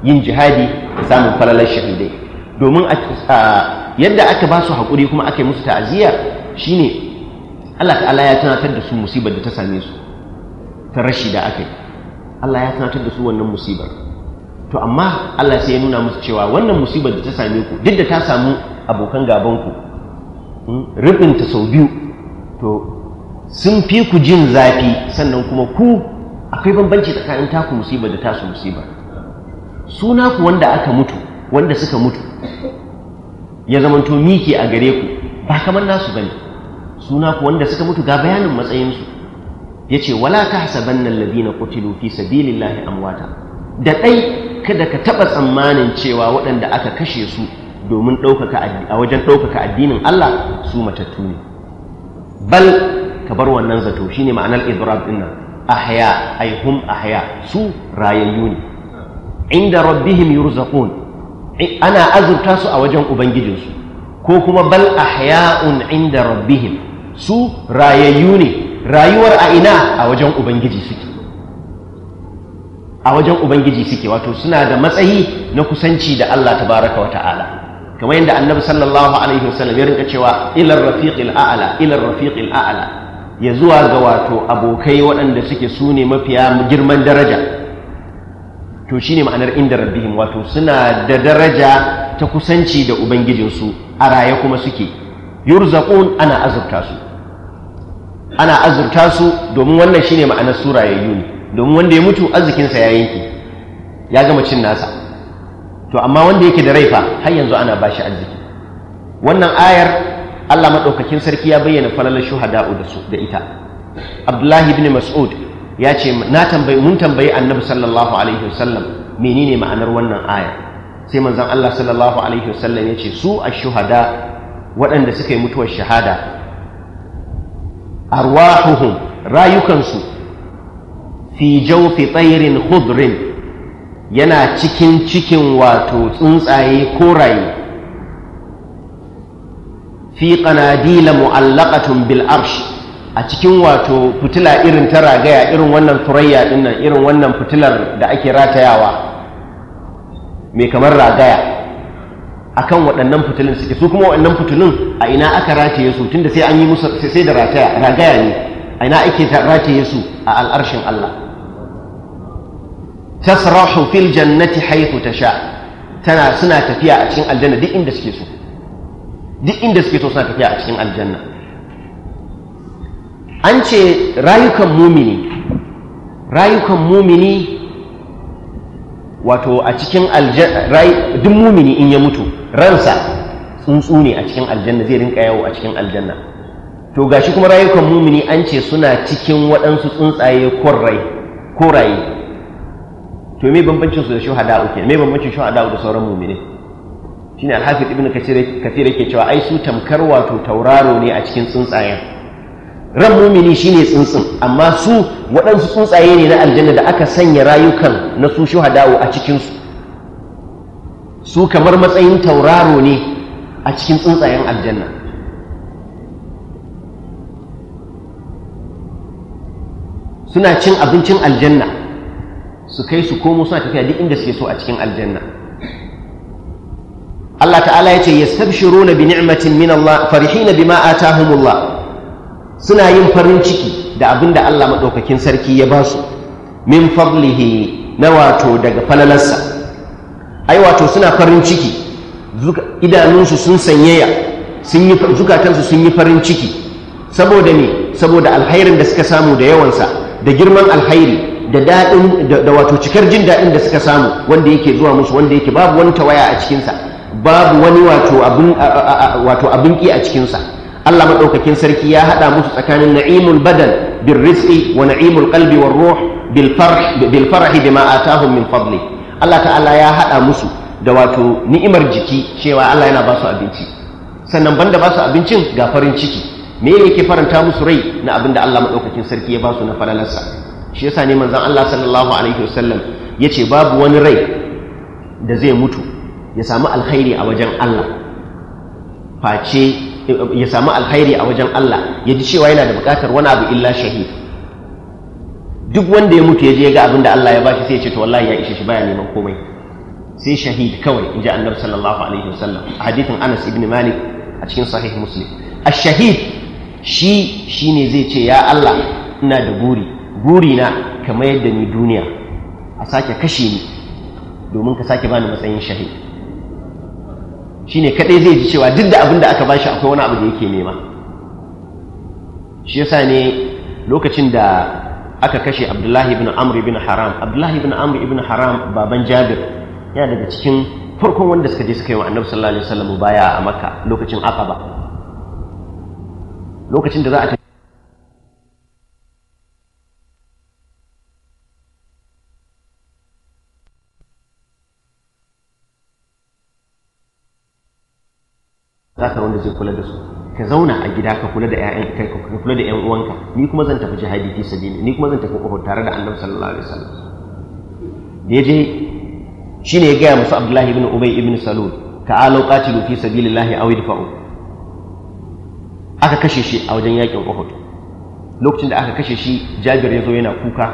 yin jihadi da samun falalar shahidai domin yadda aka ba su haƙuri kuma aka yi musu ta'aziyya shine Allah ta'ala ya tunatar da su musibar da ta same su ta rashi da aka yi Allah ya tunatar da su wannan musibar to amma Allah sai ya nuna musu cewa wannan musibar da ta same ku duk da ta samu abokan gabanku rubinta sau biyu to sun fi ku jin zafi sannan kuma ku akwai bambanci tsakanin taku musiba da tasu musiba suna ku wanda aka mutu wanda suka mutu ya zamanto miki a gare ku ba kamar nasu bane suna ku wanda suka mutu ga bayanin matsayinsu ya ce wala tahsabanna alladhina qutilu fi sabilillahi amwata da ɗai kada ka taɓa tsammanin cewa waɗanda aka kashe su domin ɗaukaka a wajen ɗaukaka addinin Allah su matattu ne bal ka bar wannan zato Shi ne ma'anar idrab din nan ahya ay hum ahya su rayayyu ne inda rabbihim yurzaqun ana azurta su a wajen ubangijinsu ko kuma bal a hayaun inda rabbihim su rayayyu ne rayuwar a ina a wajen ubangiji suke a wajen ubangiji suke wato suna da matsayi na kusanci da Allah tabaraka wa ta'ala kamar yadda annabi sallallahu alaihi wasallam ya rinka cewa ilar rafiqil a'la ilar rafiqil a'la ya zuwa ga wato abokai waɗanda suke su ne mafiya girman daraja to shine ma'anar inda rabbihim wato suna da daraja ta kusanci da ubangijinsu a raye kuma suke yurzaqun ana azurta su ana azurta su domin wannan shine ma'anar sura ya yuni domin wanda ya mutu arzikinsa ya yanki ya gama cin nasa to amma wanda yake da raifa har yanzu ana bashi arziki wannan ayar Allah maɗaukakin sarki ya bayyana falalar shuhada da su da ita Abdullahi ibn Mas'ud ya ce na tambayi mun tambayi Annabi sallallahu alaihi wasallam menene ma'anar wannan aya sai manzon Allah sallallahu alaihi wasallam ya ce su ash-shuhada waɗanda suka yi mutuwar shahada arwahuhum rayukansu fi jawfi tsairin khudrin yana cikin cikin wato tsuntsaye koraye fi qanadila mu'allaqatun bil arsh a cikin wato fitila irin ta ragaya irin wannan turayya dinnan irin wannan fitilar da ake ratayawa mai kamar ragaya akan waɗannan fitilun suke su kuma waɗannan fitilun a ina aka rataye su tunda sai an yi musu sai da rataya ragaya ne a ina ake rataye su a al'arshin Allah tasrahu fil jannati haythu tasha tana suna tafiya a cikin aljanna duk inda suke so duk inda suke so suna tafiya a cikin aljanna an ce rayukan mumini rayukan mumini wato a cikin aljanna duk mumini in ya mutu ransa tsuntsu ne a cikin aljanna zai rinka yawo a cikin aljanna to gashi kuma rayukan mumini an ce suna cikin waɗansu tsuntsaye koraye to me bambancin su da shuhada uke me bambancin shuhada da sauran mu'mini shine al-hafiz ibnu kathir kathir yake cewa ai su tamkar wato tauraro ne a cikin tsuntsayen ran mumini shine tsuntsun amma su waɗansu tsuntsaye ne na aljanna da aka sanya rayukan na su uku a cikinsu su kamar matsayin tauraro ne a cikin tsuntsayen aljanna suna cin abincin aljanna su kai su komo suna tafiya duk inda suke so a cikin aljanna Allah ta'ala ya ce yastabshiruna bi ni'matin min Allah farihina bima atahumullah suna yin farin ciki da abin da Allah madaukakin sarki ya basu. su min fadlihi na wato daga falalarsa ai wato suna farin ciki idanunsu sun sanyaya sun yi zukatansu sun yi farin ciki saboda ne saboda alhairin da suka samu da yawansa da girman alhairi da daɗin da wato cikar jin daɗin da suka samu wanda yake zuwa musu wanda yake babu wani tawaya a cikinsa babu wani wato abin ƙi a cikinsa Allah maɗaukakin sarki ya haɗa musu tsakanin na'imul Badal, bil wa na'imul ƙalbi wa ruh bil farh bil farhi bima atahum min fadli Allah ta'ala ya haɗa musu da wato ni'imar jiki cewa Allah yana ba su abinci sannan banda ba su abincin ga farin ciki me yake faranta musu rai na abin da Allah maɗaukakin sarki ya ba su na falalarsa shi yasa ne manzan Allah sallallahu alaihi wasallam ce babu wani rai da zai mutu ya samu alkhairi a wajen Allah face ya samu alkhairi a wajen Allah ya ji cewa yana da bukatar wani abu illa shahid duk wanda ya mutu ya je ya ga abin da Allah ya bashi sai ya ce to wallahi ya ishe shi baya neman komai sai shahid kawai in ji annabi sallallahu alaihi wasallam a hadithin Anas ibn Malik a cikin sahih Muslim ash-shahid shi shine zai ce ya Allah ina da buri burina ka mayar da ni duniya a sake kashe ni domin ka sake bani matsayin shahi. Shi ne kaɗai zai ji cewa duk da abin da aka bashi akwai wani abu da yake nema shi yasa ne lokacin da aka kashe Abdullahi ibn Amr ibn Haram Abdullahi ibn Amr ibn Haram baban Jabir yana daga cikin farkon wanda suka je suka yi wa Annabi sallallahu alaihi wasallam baya a Makka lokacin Aqaba lokacin da za a za ka wanda zai kula da su ka zauna a gida ka kula da ƴaƴan kai ka kula da ƴan uwanka ni kuma zan tafi jihadi fi sabili ni kuma zan tafi Uhud tare da Annabi sallallahu alaihi wasallam da ya je shine ya gaya musu Abdullahi ibn Ubay ibn Salul ta'alu qatilu fi sabilillahi aw idfa'u aka kashe shi a wajen yakin Uhud lokacin da aka kashe shi Jabir ya zo yana kuka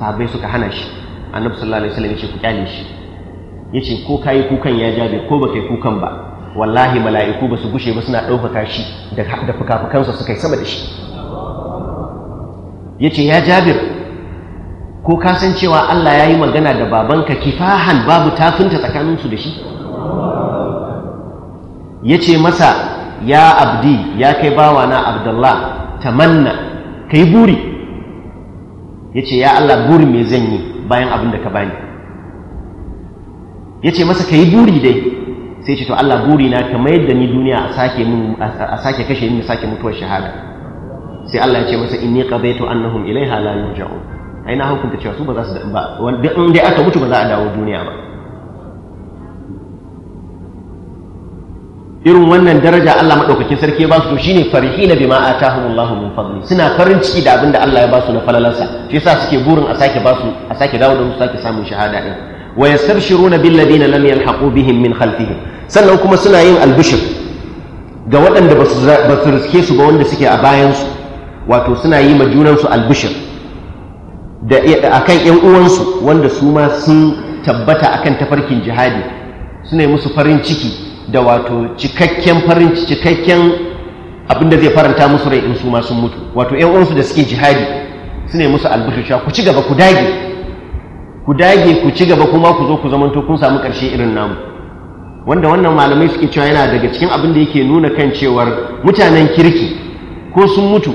sahabbai suka hana shi Annabi sallallahu alaihi wasallam ya ce ku kyale shi yace ko kai kukan ya Jabir ko baka yi kukan ba wallahi mala'iku ba su gushe ba suna ɗaukaka shi da fuka-fukansa suka yi sama da shi ya ce ya jabir ko kasancewa Allah ya yi magana da babanka kifahan babu tafinta tsakaninsu da shi ya ce masa ya abdi ya kai bawa na abdullah tamanna ka yi buri ya ce ya Allah buri mai zan yi bayan abin da ka bani ya ce masa ka yi buri dai sai ce to Allah buri na ka mayar da ni duniya a sake mun a sake kashe ni sake mutuwar shahada sai Allah ya ce masa inni qadaytu annahum ilaiha la yurja'un ai na hukunta cewa su ba za su ba wanda in dai aka mutu ba za a dawo duniya ba irin wannan daraja Allah madaukakin sarki ya ba su to shine na bima Allah min fadli suna farin ciki da abinda Allah ya ba su na falalarsa shi yasa suke burin a sake ba su a sake dawo da su sake samun shahada din wa yastabshiruna bil ladina lam yalhaqu bihim min khalfihim sannan kuma suna yin albishir ga waɗanda ba su riske su ba wanda suke a bayansu wato suna yi ma junansu albishir da akan yan uwansu wanda su ma sun tabbata akan tafarkin jihadi suna yi musu farin ciki da wato cikakken farin cikakken abin da zai faranta musu rai in su ma sun mutu wato yan uwansu da suke jihadi suna yi musu albishir ku ci gaba ku dage ku dage ku ci gaba kuma ku zo ku zamanto kun samu ƙarshe irin namu wanda wannan malamai suke cewa yana daga cikin abin da yake nuna kan cewar mutanen kirki ko sun mutu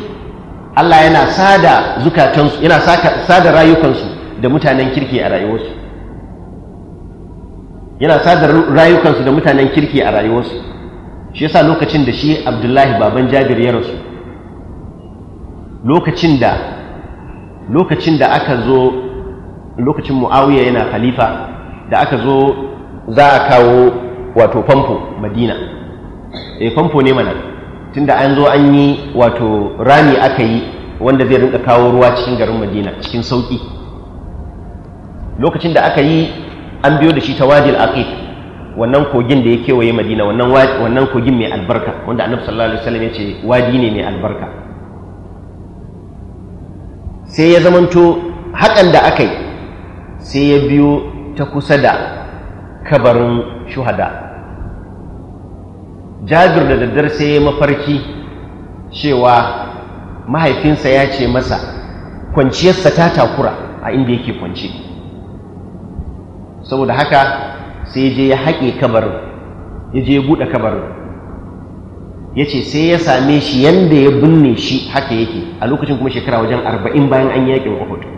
Allah yana sada zukatansu yana sada rayukansu da mutanen kirki a rayuwarsu yana sada rayukansu da mutanen kirki a rayuwarsu shi yasa lokacin da shi Abdullahi baban Jabir ya rasu lokacin da lokacin da aka zo lokacin muawiya yana khalifa da aka zo za a kawo wato famfo madina e famfo ne mana tun da an zo an yi wato rami aka yi wanda zai rinka kawo ruwa cikin garin madina cikin sauki lokacin da aka yi an biyo da shi ta wadil aqid wannan kogin da ya kewaye madina wannan kogin mai albarka wanda annabi sallallahu alaihi wasallam ya ce wadi ne mai albarka sai ya zamanto hakan da aka yi sai ya biyo ta kusa da kabarin shuhada jabir da daddare sai ya mafarki cewa mahaifinsa ya ce masa kwanciyarsa ta takura a inda yake kwanci saboda haka sai je ya haƙe kabarin ya je ya buɗe kabarin ya ce sai ya same shi yadda ya binne shi haka yake a lokacin kuma shekara wajen arba'in bayan an yaƙin ƙwaƙwato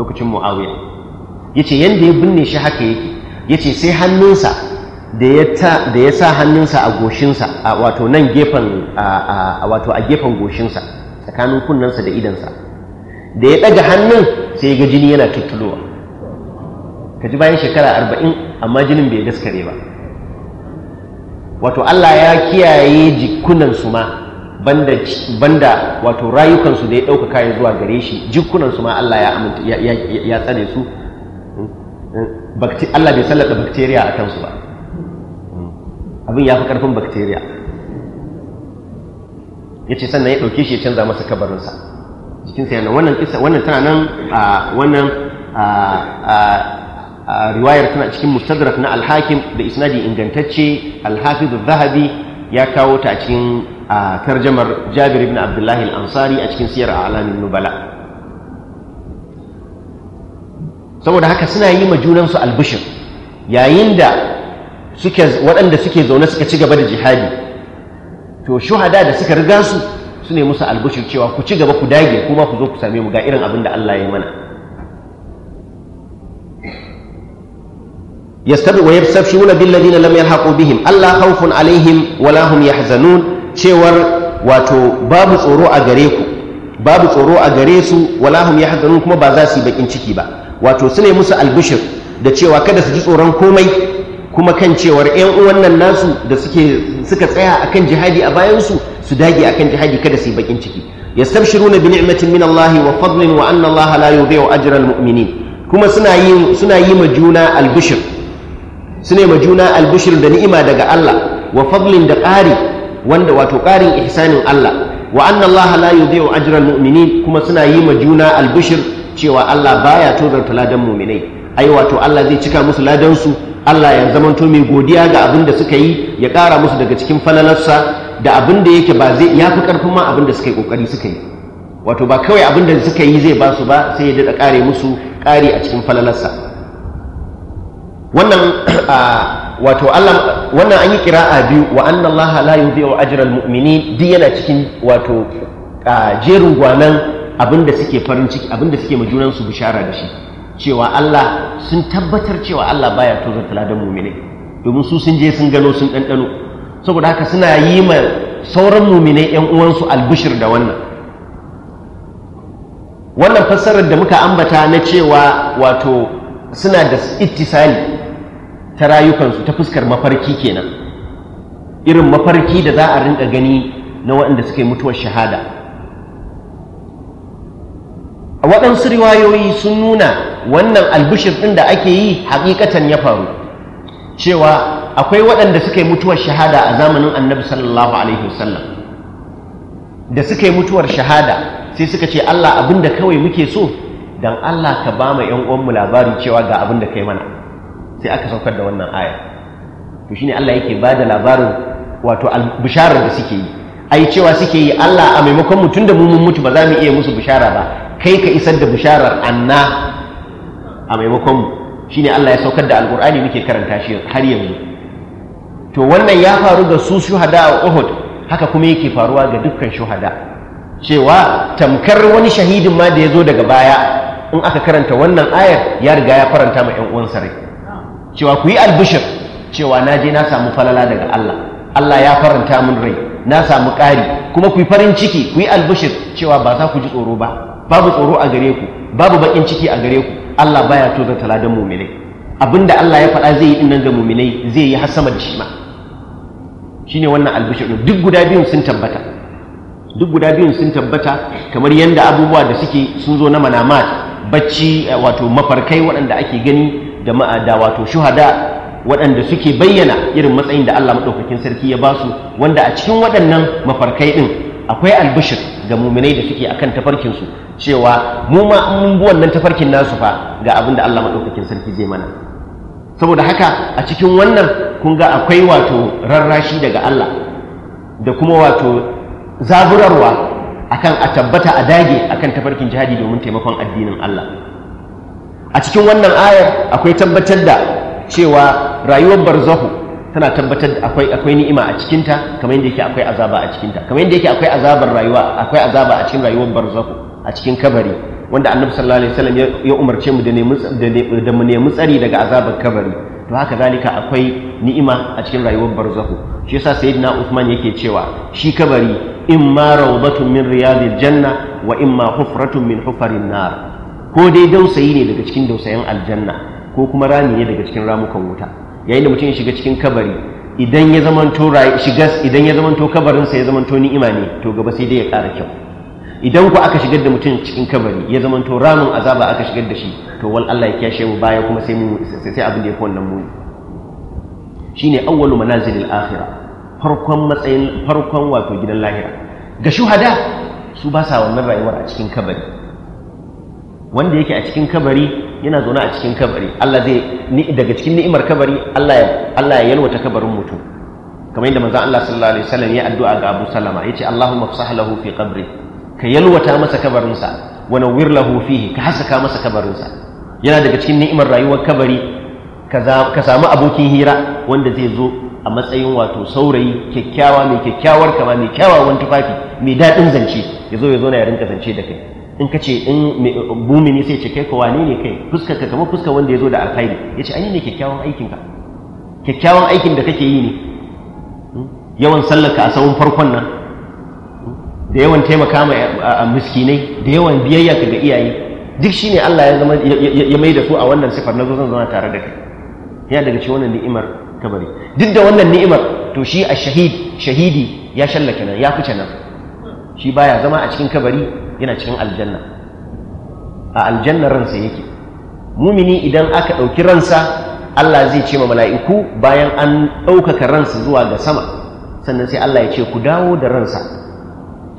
lokacin muawiya ce yadda ya binne shi haka yake ce sai hannunsa da ya sa hannunsa a goshinsa a wato nan gefen a wato a gefen goshinsa tsakanin kunnensa da idansa da ya ɗaga hannun sai ya ga jini yana tuttulowa ka ji bayan shekara arba'in amma jinin bai daskare ba wato Allah ya kiyaye jikunansu ma banda wato rayukansu da ya ɗauka kayan zuwa gare shi jikunansu ma Allah ya aminta ya su hmm? Hmm? Allah bai sallata bakteriya a kansu ba hmm? abin ya fi ƙarfin bakteriya ya ce sannan ya ɗauke shi ya canza masa kabarinsa cikin yana wannan kisa wannan tana nan a wannan a riwayar tana cikin mustadrak na alhakim da isnadi ingantacce alhafi da zahabi ya kawo ta a cikin a tarjamar jabir ibn abdullahi al-ansari a cikin siyar a alamin nubala saboda haka suna yi ma junansu albishir yayin da waɗanda suke zaune suka ci gaba da jihadi to shuhada da suka riga su su ne musu albishir cewa ku ci gaba ku dage kuma ku zo ku same mu ga irin abin da Allah ya mana yastabi wa yastabshuna bil ladina lam yalhaqu bihim Allah khawfun alaihim wala hum yahzanun cewar wato babu tsoro a gare ku babu tsoro a gare su wala hum yahzanun kuma ba za su yi bakin ciki ba wato su ne musu albishir da cewa kada su ji tsoron komai kuma kan cewar 'yan uwan nasu da suke suka tsaya akan jihadi a bayansu su dage akan jihadi kada su yi bakin ciki yastabshiruna bi ni'matin min Allah wa fadlin wa anna Allah la yudhi'u ajra al-mu'minin kuma suna yi suna yi ma juna albishir su ne ma juna albishir da ni'ima daga Allah wa fadlin da ƙari wanda wato ƙarin ihsanin Allah wa anna Allah la yudhi'u ajral mu'minin kuma suna yi ma juna albishir cewa Allah baya tozarta ladan mu'minai ai wato Allah zai cika musu ladan su Allah ya zamanto mai godiya ga abin da suka yi ya ƙara musu daga cikin falalarsa da abin da yake ba zai ya fi ƙarfin ma abin da suka yi ƙoƙari suka yi wato ba kawai abin da suka yi zai ba su ba sai ya daɗa ƙare musu ƙari a cikin falalarsa wannan wato Allah wannan an yi kira'a biyu wa anna Allah la yudhi'u ajra al-mu'minin duk yana cikin wato jerin gwanan abinda suke farin ciki abinda suke majunan su bishara da shi cewa Allah sun tabbatar cewa Allah baya tozarta ladan mu'minai domin su sun je sun gano sun ɗanɗano saboda haka suna yi ma sauran mu'minai yan uwansu albishir da wannan wannan fassarar da muka ambata na cewa wato suna da ittisali ta rayukansu ta fuskar mafarki kenan irin mafarki da za a rinka gani na waɗanda suka yi mutuwar shahada a waɗansu riwayoyi sun nuna wannan albishir ɗin da ake yi hakikatan ya faru cewa akwai waɗanda suka yi mutuwar shahada a zamanin annabi sallallahu alaihi wasallam da suka yi mutuwar shahada sai suka ce allah abinda kawai muke so don allah ka ba ma 'yan uwanmu labari cewa ga abin da kai mana sai aka saukar da wannan aya to shine Allah yake ba da labarin wato bisharar da suke yi ai cewa suke yi Allah a maimakon mutun da mu mun mutu ba za mu iya musu bishara ba kai ka isar da bisharar anna a maimakon mu shine Allah ya saukar da alqur'ani muke karanta shi har yanzu to wannan ya faru ga su shuhada a Uhud haka kuma yake faruwa ga dukkan shuhada cewa tamkar wani shahidin ma da ya zo daga baya in aka karanta wannan ayar ya riga ya faranta ma 'yan uwansa rai cewa ku yi albishir cewa na je na samu falala daga Allah Allah ya faranta min rai na samu ƙari kuma ku yi farin ciki ku yi albishir cewa ba za ku ji tsoro ba babu tsoro a gare ku babu baƙin ciki a gare ku Allah baya to zan tala da muminai abinda Allah ya faɗa zai yi din nan ga muminai zai yi har sama da shi ma shine wannan albishir duk guda biyun sun tabbata duk guda biyun sun tabbata kamar yadda abubuwa da suke sun zo na manamat bacci wato mafarkai waɗanda ake gani da ma'ada wato shuhada waɗanda suke bayyana irin matsayin da Allah maɗaukakin sarki ya basu wanda a cikin waɗannan mafarkai ɗin akwai albishir ga muminai da suke akan tafarkinsu cewa mu ma mun bi wannan tafarkin nasu fa ga abin da Allah maɗaukakin sarki zai mana saboda haka a cikin wannan kun ga akwai wato rarrashi daga Allah da kuma wato zaburarwa akan a tabbata a dage akan tafarkin jihadi domin taimakon addinin Allah a cikin wannan ayar akwai tabbatar da cewa rayuwar barzahu tana tabbatar da akwai akwai ni'ima a cikinta kamar yadda yake akwai azaba a cikinta kamar yadda yake akwai azabar rayuwa akwai azaba a cikin rayuwar barzahu a cikin kabari wanda annabi sallallahu alaihi wasallam ya umarce mu da ne da mu nemi tsari daga azabar kabari to haka zalika akwai ni'ima a cikin rayuwar barzahu shi yasa sayyidina Uthman yake cewa shi kabari imma rawbatun min riyadil janna wa imma hufratun min hufarin nar ko dai dausayi ne daga cikin dausayin aljanna ko kuma rami ne daga cikin ramukan wuta yayin da mutum ya shiga cikin kabari idan ya zamanto shiga idan ya zamanto kabarinsa ya to ni'ima ne to gaba sai dai ya ƙara kyau idan ku aka shigar da mutum cikin kabari ya zamanto ramin azaba aka shigar da shi to wal Allah ya kyashe mu baya kuma sai mu sai abin da ya fi wannan muni shine awwalu manazilil akhirah farkon matsayin farkon wato gidan lahira ga shuhada su ba sa wannan rayuwar a cikin kabari wanda yake a cikin kabari yana zaune a cikin kabari Allah zai daga cikin ni'imar kabari Allah ya yalwata kabarin mutum kamar yadda manzon Allah sallallahu alaihi wasallam ya addu'a ga Abu Salama yace Allahumma fsah lahu fi qabri ka yalwata masa kabarinsa wa nawwir lahu fihi ka hasaka masa kabarinsa yana daga cikin ni'imar rayuwar kabari ka samu abokin hira wanda zai zo a matsayin wato saurayi kyakkyawa mai kyakkyawar kama mai kyawawan tufafi mai daɗin zance ya zo ya zo na ya rinka zance da kai in ka ce in Bumi ne sai ce kai kowa ne kai fuskar ka kamar fuskar wanda ya zo da alkhairi ya ce ainihin ne kyakkyawan aikin ka kyakkyawan aikin da kake yi ne hmm? yawan sallaka a tsawon farkon nan hmm? da yawan taimaka ma eh, miskinai da yawan biyayya ka ga iyaye duk shine Allah ya zama ya mai da su a wannan sifar na zo zan zama tare da kai ya daga cikin wannan ni'imar kabari duk da wannan ni'imar to shi a shahidi ya shallake nan ya fice nan shi baya zama a cikin kabari yana cikin aljanna a aljanna ransa yake mumini idan aka ɗauki ransa Allah zai ce ma mala'iku bayan an ɗaukaka ransa zuwa ga sama sannan sai Allah ya ce ku dawo da ransa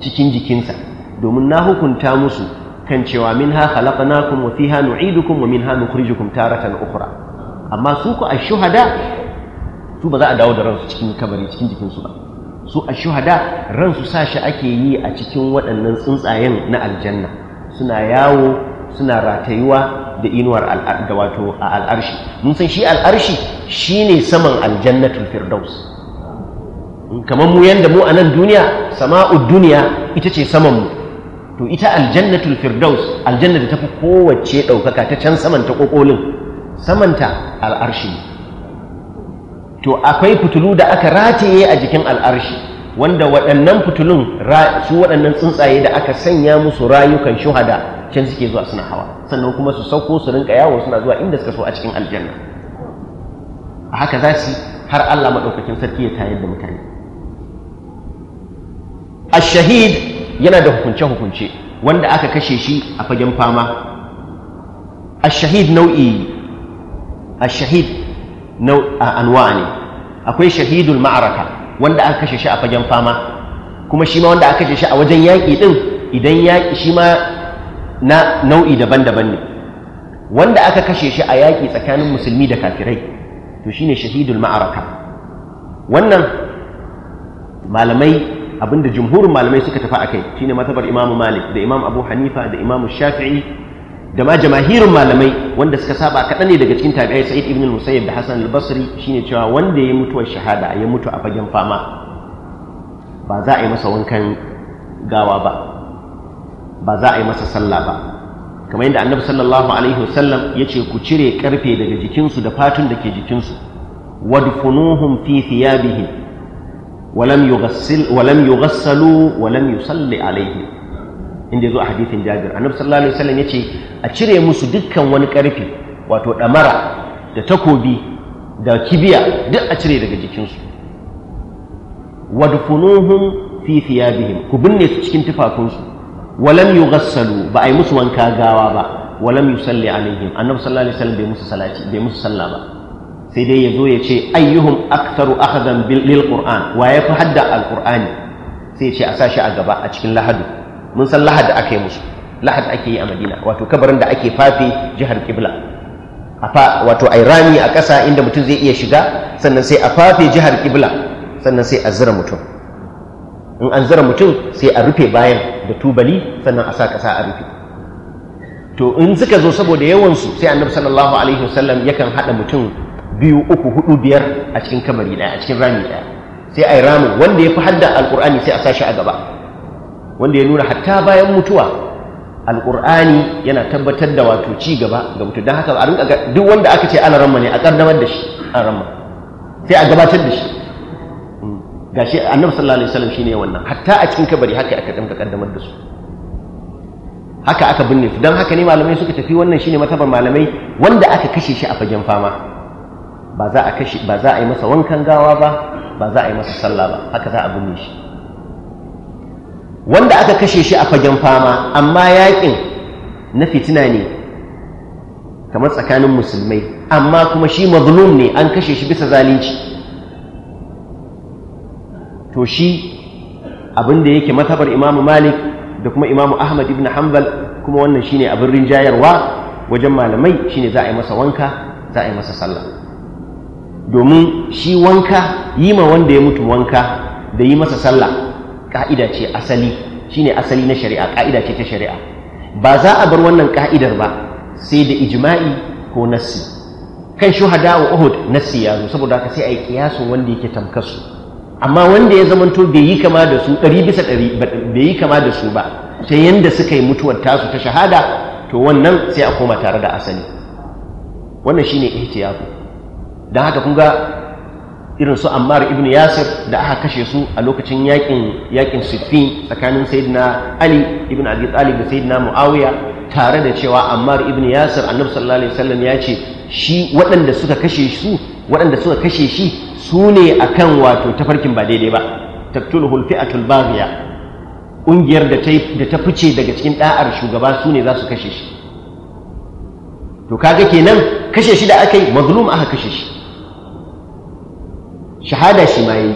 cikin jikinsa domin na hukunta musu kan cewa minha khalaqnakum wa fiha nu'idukum wa minha nukhrijukum taratan ukhra amma su ku ashuhada su ba za a dawo da ransu cikin kabari cikin jikinsu ba su a shuhada ran ransu sashi ake yi a cikin waɗannan tsuntsayen na aljanna suna yawo suna ratayuwa da inuwar da wato a al'arshi mun san shi al'arshi shi ne saman aljannatul firdaus kamar mu yanda mu a nan duniya sama'u duniya ita ce saman mu to ita aljannatul firdaus aljanna da tafi kowace ɗaukaka ta can saman ta ƙoƙolin samanta al'arshi ne to akwai fitulu da aka rataye a jikin al'arshi wanda waɗannan fitulun su waɗannan tsuntsaye da aka sanya musu rayukan shuhada can suke zuwa suna hawa sannan kuma su sauko su rinka yawo suna zuwa inda suka so a cikin aljanna a haka za su har Allah maɗaukakin sarki ya tayar da mutane ashahid shahid yana da hukunce-hukunce wanda aka kashe shi a fagen fama ashahid shahid nau'i ash-shahid Anwa'a ne akwai shahidul ma'araka wanda aka kashe shi a fagen fama kuma shi ma wanda aka kashe shi a wajen yaƙi ɗin idan yaƙi shi ma na nau'i daban-daban ne wanda aka kashe shi a yaƙi tsakanin musulmi da kafirai to ne shahidul ma'araka wannan malamai abinda jumhurin malamai suka tafi a kai ne matabar imamu malik da imam abu hanifa da imamu shafi'i da ma jamahirin malamai wanda suka saba kaɗan ne daga cikin tabi'ai sa'id ibn musayyib da hasan al-basri shine cewa wanda ya mutuwa shahada ya mutu a fagen fama ba za a yi masa wankan gawa ba ba za a yi masa sallah ba kamar yadda annabi sallallahu alaihi wasallam ya ce ku cire karfe daga jikinsu da fatun da ke jikinsu wadfunuhum fi thiyabihim walam yughassalu walam yusalli alaihim inda ya zo a hadithin jabir annabi sallallahu alaihi wasallam ya ce a cire musu dukkan wani ƙarfi wato ɗamara da takobi da kibiya duk a cire daga jikinsu wadfunuhum fi thiyabihim ku binne su cikin tufafinsu walam yughassalu ba a yi musu wanka gawa ba walam yusalli alaihim annabi sallallahu alaihi wasallam bai musu salati bai musu sallah ba sai dai ya zo ya ce ayyuhum aktaru akhadan lil qur'an wa ya hadda al qur'ani sai ya ce a sashi a gaba a cikin lahadu mun san lahad da aka yi musu lahad ake yi a madina wato kabarin da ake fafe jihar kibla wato ai rami a ƙasa inda mutum zai iya shiga sannan sai a fafe jihar kibla sannan sai a zira mutum in an zira mutum sai a rufe bayan da tubali sannan a sa ƙasa a rufe to in suka zo saboda yawansu sai annabi sallallahu alaihi wasallam yakan haɗa mutum biyu uku hudu biyar a cikin kamari ɗaya a cikin rami ɗaya sai ai rami. wanda ya fi hadda alƙur'ani sai a sa shi a gaba wanda ya nuna hatta bayan mutuwa alƙur'ani yana tabbatar da wato ci gaba ga mutu don haka a duk wanda aka ce ana ramma ne a ƙaddamar da shi an ramma sai a gabatar da shi mm. ga shi annabi sallallahu alaihi wasallam shine wannan hatta a cikin kabari haka aka dinka ƙaddamar da su haka aka binne su don haka ne malamai suka tafi wannan shine matabar malamai wanda aka kashe shi a fagen fama ba za a kashe ba za a yi masa wankan gawa ba ba za a yi masa sallah ba haka za a binne shi wanda aka kashe shi a fagen fama amma yaƙin na fitina ne kamar tsakanin musulmai amma kuma shi mazlum ne an kashe shi bisa zalunci to shi abin da yake matabar imamu malik da kuma imamu ahmad ibn hanbal kuma wannan shine abin rinjayarwa wajen malamai shine za a yi masa wanka za a yi masa sallah domin shi wanka yi ma wanda ya mutu wanka da yi masa sallah ka'ida ce asali shi ne asali na shari'a ka'ida ce ta shari'a ba za a bar wannan ka'idar ba sai da ijma'i ko nassi kan shuhada wa uhud nassi ya zo saboda haka sai a yi kiyasin wanda yake tamkar su amma wanda ya zamanto bai yi kama da su ɗari bisa ɗari bai yi kama da su ba ta yanda suka yi mutuwar tasu ta shahada to wannan sai a koma tare da asali wannan shine ihtiyaku don haka kun ga irin su ammar ibn yasir da aka kashe su a lokacin yakin yakin siffin tsakanin sayyidina ali ibn abi talib da sayyidina muawiya tare da cewa ammar ibn yasir annabi sallallahu alaihi wasallam ya ce shi waɗanda suka kashe su waɗanda suka kashe shi su ne akan wato tafarkin ba daidai ba taktuluhul fiatul baghiya ƙungiyar da ta fice daga cikin ɗa'ar shugaba su ne za su kashe shi to kaga kenan kashe shi da akai yi mazlum aka kashe shi shahada shi ma yi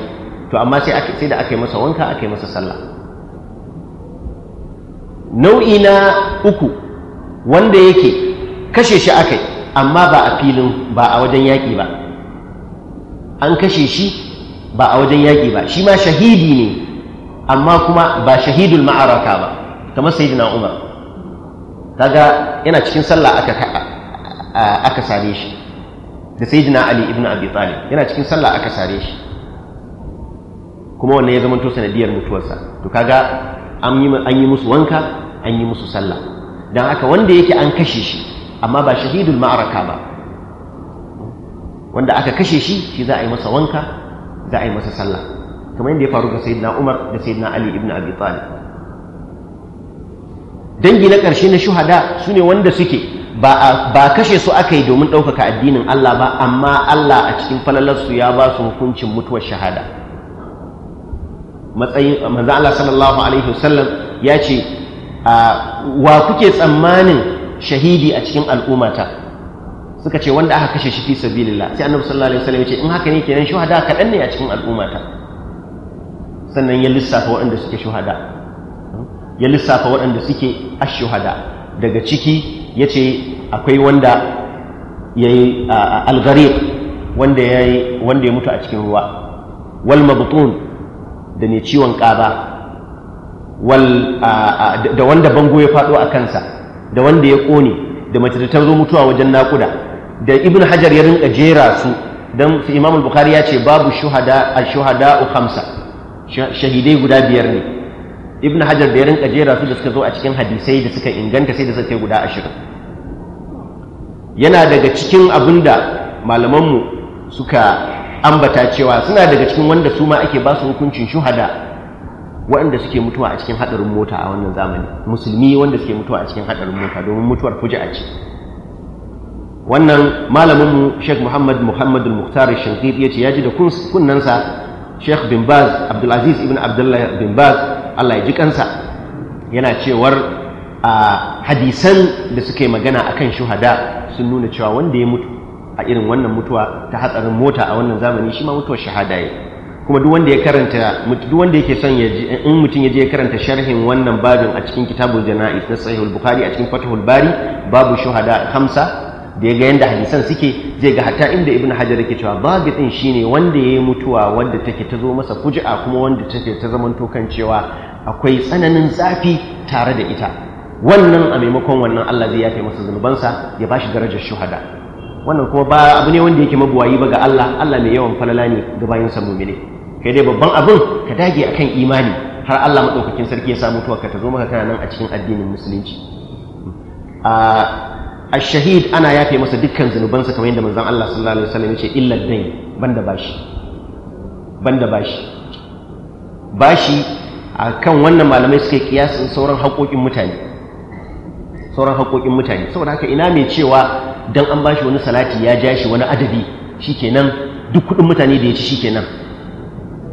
to amma sai da aka yi masa wanka aka yi masa sallah nau'i na uku wanda yake kashe shi aka amma ba a filin ba a wajen yaƙi ba an kashe shi ba a wajen yaƙi ba shi ma shahidi ne amma kuma ba shahidul ma'araka ba kamar sayyidina umar kaga yana cikin sallah aka same shi da sayyidina ali ibn abi talib yana cikin sallah aka sare shi kuma wannan ya zama to sanadiyar mutuwarsa to kaga an yi an yi musu wanka an yi musu sallah dan haka wanda yake an kashe shi amma ba shahidul ma'araka ba wanda aka kashe shi shi za a yi masa wanka za a yi masa sallah kamar yadda ya faru ga sayyidina umar da sayyidina ali ibn abi talib dangi na ƙarshe na shuhada su ne wanda suke ba kashe su aka yi domin ɗaukaka addinin Allah ba amma Allah a cikin falalarsu ya ba su hukuncin mutuwar shahada matsayin manzo Allah sallallahu alaihi wasallam ya ce wa kuke tsammanin shahidi a cikin al'ummata suka ce wanda aka kashe shi fi sabilillah sai annabi sallallahu alaihi wasallam ya ce in haka ne kenan shuhada kaɗan ne a cikin al'ummata sannan ya lissafa waɗanda suke shuhada ya lissafa waɗanda suke ashuhada daga ciki ya ce akwai wanda ya yi algariq wanda ya mutu a cikin ruwa wal mabutun da ne ciwon ƙaba da wanda bango ya faɗo a kansa da wanda ya ƙone da mace zo mutuwa wajen naƙuda da ibn hajar ya rinka jera su don su imamul bukari ya ce babu shuhada a shuhada u hamsa shahidai guda biyar ne ibn hajar da ya rinka jera su da suka zo a cikin hadisai da suka inganta sai da suka kai guda ashirin yana daga cikin abin da malamanmu suka ambata cewa suna daga cikin wanda su ma ake ba su hukuncin shuhada waɗanda suke mutuwa a cikin haɗarin mota a wannan zamani musulmi wanda suke mutuwa a cikin haɗarin mota domin mutuwar a ce wannan malaminmu sheikh muhammad muhammadu muhtar shankir ya ce ya ji da kunnansa sheikh bin baz abdulaziz ibn Abdullahi bin baz Allah ya ji kansa yana cewar a hadisan da suke magana akan shuhada sun nuna cewa wanda ya mutu a irin wannan mutuwa ta hatsarin mota a wannan zamani shi ma mutuwar shahada ya kuma duk wanda ya karanta duk wanda yake son ya in mutum ya je ya karanta sharhin wannan babin a cikin kitabul jana'iz na sahihul bukhari a cikin fathul bari babu shuhada hamsa. da ya ga yadda hadisan suke zai ga hatta inda ibn hajar yake cewa shi shine wanda ya yi mutuwa wanda take ta zo masa kuji'a kuma wanda take ta zaman kan cewa akwai tsananin zafi tare da ita wannan a maimakon wannan Allah zai yafe masa zunubansa ya bashi darajar shuhada wannan kuma ba abu ne wanda yake mabuwayi ba ga Allah Allah mai yawan falala ne ga bayan sa mu'mini kai dai babban abin ka dage akan imani har Allah madaukakin sarki ya sa mutuwa ka ta zo maka kana nan a cikin addinin musulunci hmm. ah, ash-shahid ana yafe masa dukkan zunubansa kamar yadda الله Allah الله عليه وسلم yace illa الدين بند bashi بند bashi باشي كان wannan malamai suke kiyasin sauran haƙoƙin mutane saboda haka ina mai cewa dan an bashi wani salati ya ja shi wani adadi shikenan duk kuɗin mutane da ya ci shikenan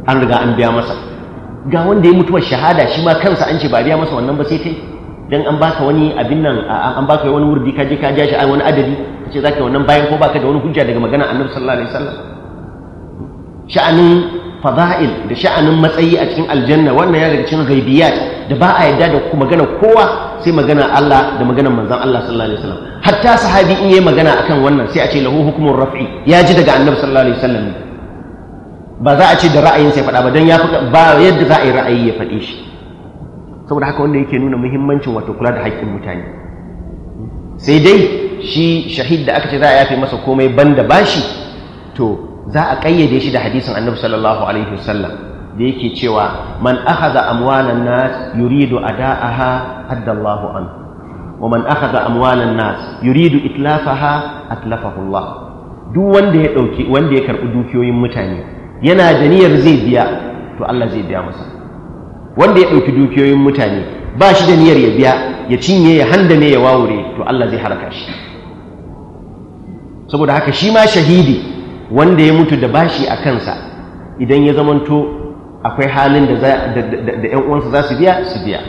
an riga an biya masa ga wanda ya mutuwar shahada shi ma kansa an ce ba biya masa wannan ba sai kai dan an ba ka wani abin nan an ba ka wani wurdi ka je ka ja shi wani adadi kace zaka wannan bayan ko baka da wani hujja daga magana annabi sallallahu alaihi wasallam sha'anin fada'il da sha'anin matsayi a cikin aljanna wannan ya daga cikin ghaibiyat da ba a yadda da magana kowa sai magana Allah da magana manzon Allah sallallahu alaihi wasallam hatta sahabi in yayi magana akan wannan sai a ce lahu hukumur raf'i ya ji daga annabi sallallahu alaihi wasallam ba za a ce da ra'ayin sai faɗa ba don ya fi ba yadda za a yi ra'ayi ya faɗe shi saboda haka wanda yake nuna muhimmancin wato kula da haƙƙin mutane sai dai shi shahid da aka ce za a yafe masa komai banda bashi to za a ƙayyade shi da hadisin annabi sallallahu alaihi wasallam da yake cewa man akhadha amwalan nas yuridu ada'aha addallahu an wa man akhadha amwalan nas yuridu itlafaha atlafahu Allah duk wanda ya dauki wanda ya karbi dukiyoyin mutane yana da niyyar zai biya to Allah zai biya masa wanda ya ɗauki dukiyoyin mutane ba shi da niyyar ya biya ya cinye ya handa ne, ya wawure to Allah zai haraka shi saboda haka shi ma shahidi wanda ya mutu da bashi a kansa idan ya zamanto akwai halin da da ƴan uwansa za su biya su biya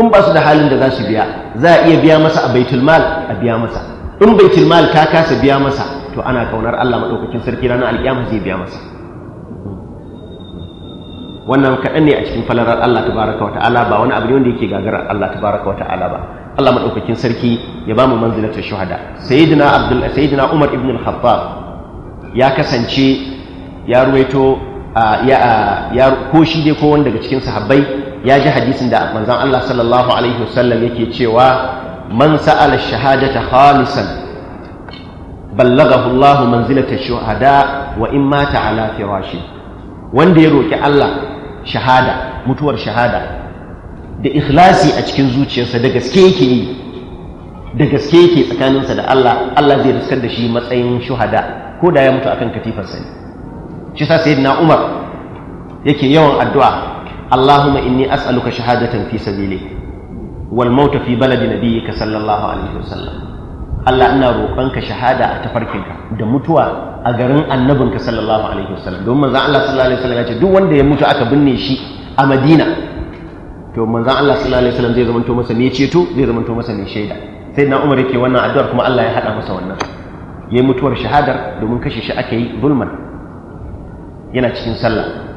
in ba su da halin da za su biya za a iya biya masa a baitul mal a biya masa in baitul mal ta kasa biya masa to ana kaunar Allah madaukakin sarki ranar alƙiyama zai biya masa wannan kaɗan ne a cikin falarar Allah baraka wa ta'ala ba wani abu ne wanda yake gagarar Allah baraka wa ta'ala ba Allah maɗaukakin sarki ya bamu manzilatul shuhada sayyidina sayyidina umar ibn al-khattab ya kasance ya ruwaito ya ko shi dai ko wani daga cikin sahabbai ya ji hadisin da manzan Allah sallallahu alaihi wasallam yake cewa man sa'ala shahadata khalisan ballagahu Allahu manzilata shuhada wa in mata ala firashi wanda ya roki Allah shahada mutuwar shahada da ikhlasi a cikin zuciyarsa da gaske yake yi da gaske yake tsakaninsa da Allah Allah zai riskar da shi matsayin shuhada ko da ya mutu akan katifarsa ne shi sa sayyidina Umar yake yawan addu'a Allahumma inni as'aluka shahadatan fi sabili wal mauta fi baladi nabiyyika sallallahu alaihi wasallam Allah ina roƙonka shahada a tafarkinka da mutuwa a garin annabinka sallallahu alaihi wasallam don manzon Allah sallallahu alaihi wasallam ya ce duk wanda ya mutu aka binne shi a Madina to manzon Allah sallallahu alaihi wasallam zai to masa mai ceto zai to masa mai shaida sai na Umar yake wannan addu'ar kuma Allah ya hada masa wannan yayi mutuwar shahadar domin kashe shi aka yi zulman yana cikin sallah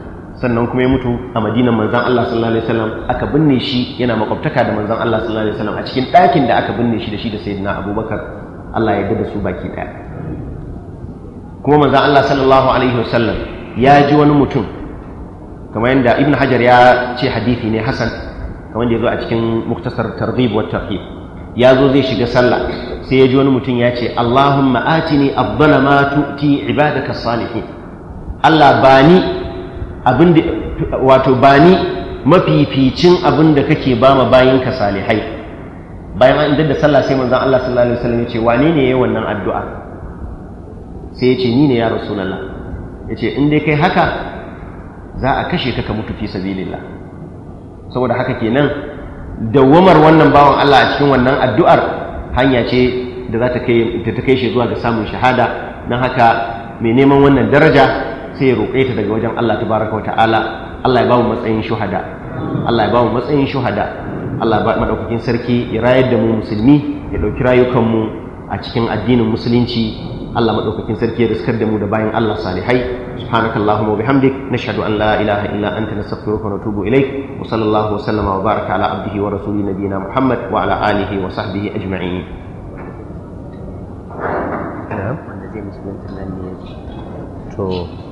sannan kuma ya mutu a madinan manzan Allah sallallahu alaihi wasallam aka binne shi yana makwabtaka da manzan Allah sallallahu alaihi wasallam a cikin ɗakin da aka binne shi da shi da sayyidina Abubakar Allah ya da su baki ɗaya kuma manzan Allah sallallahu alaihi wasallam ya ji wani mutum kamar yadda Ibn Hajar ya ce hadisi ne Hassan kamar da ya zo a cikin muktasar targhib wa tarhib ya zo zai shiga sallah sai ya ji wani mutum ya ce Allahumma atini afdala ma tu'ti ibadaka salihin Allah bani abinda wato bani mafificin abinda kake ba ma bayan ka salihai bayan an da sallah sai manzon Allah sallallahu alaihi wasallam ya ce wane ne yi wannan addu'a sai ya ce ni ne ya rasulullah ya ce in dai kai haka za a kashe ka ka mutu fi sabilillah saboda haka kenan dawwamar wannan bawan Allah a cikin wannan addu'ar hanya ce da za ta kai shi zuwa ga samun shahada dan haka mai neman wannan daraja sai ya roƙe ta daga wajen Allah tabaraka wa ta'ala Allah ya ba mu matsayin shuhada Allah ya ba mu matsayin shuhada Allah ya ba madaukakin sarki ya rayar da mu musulmi ya rayukan mu a cikin addinin musulunci Allah madaukakin sarki ya riskar da mu da bayin Allah salihai subhanakallahumma wa bihamdik nashhadu an la ilaha illa anta nastaghfiruka wa natubu ilaik wa sallallahu wa sallama wa baraka ala abdihi wa rasulihi nabiyina Muhammad wa ala alihi wa sahbihi ajma'in to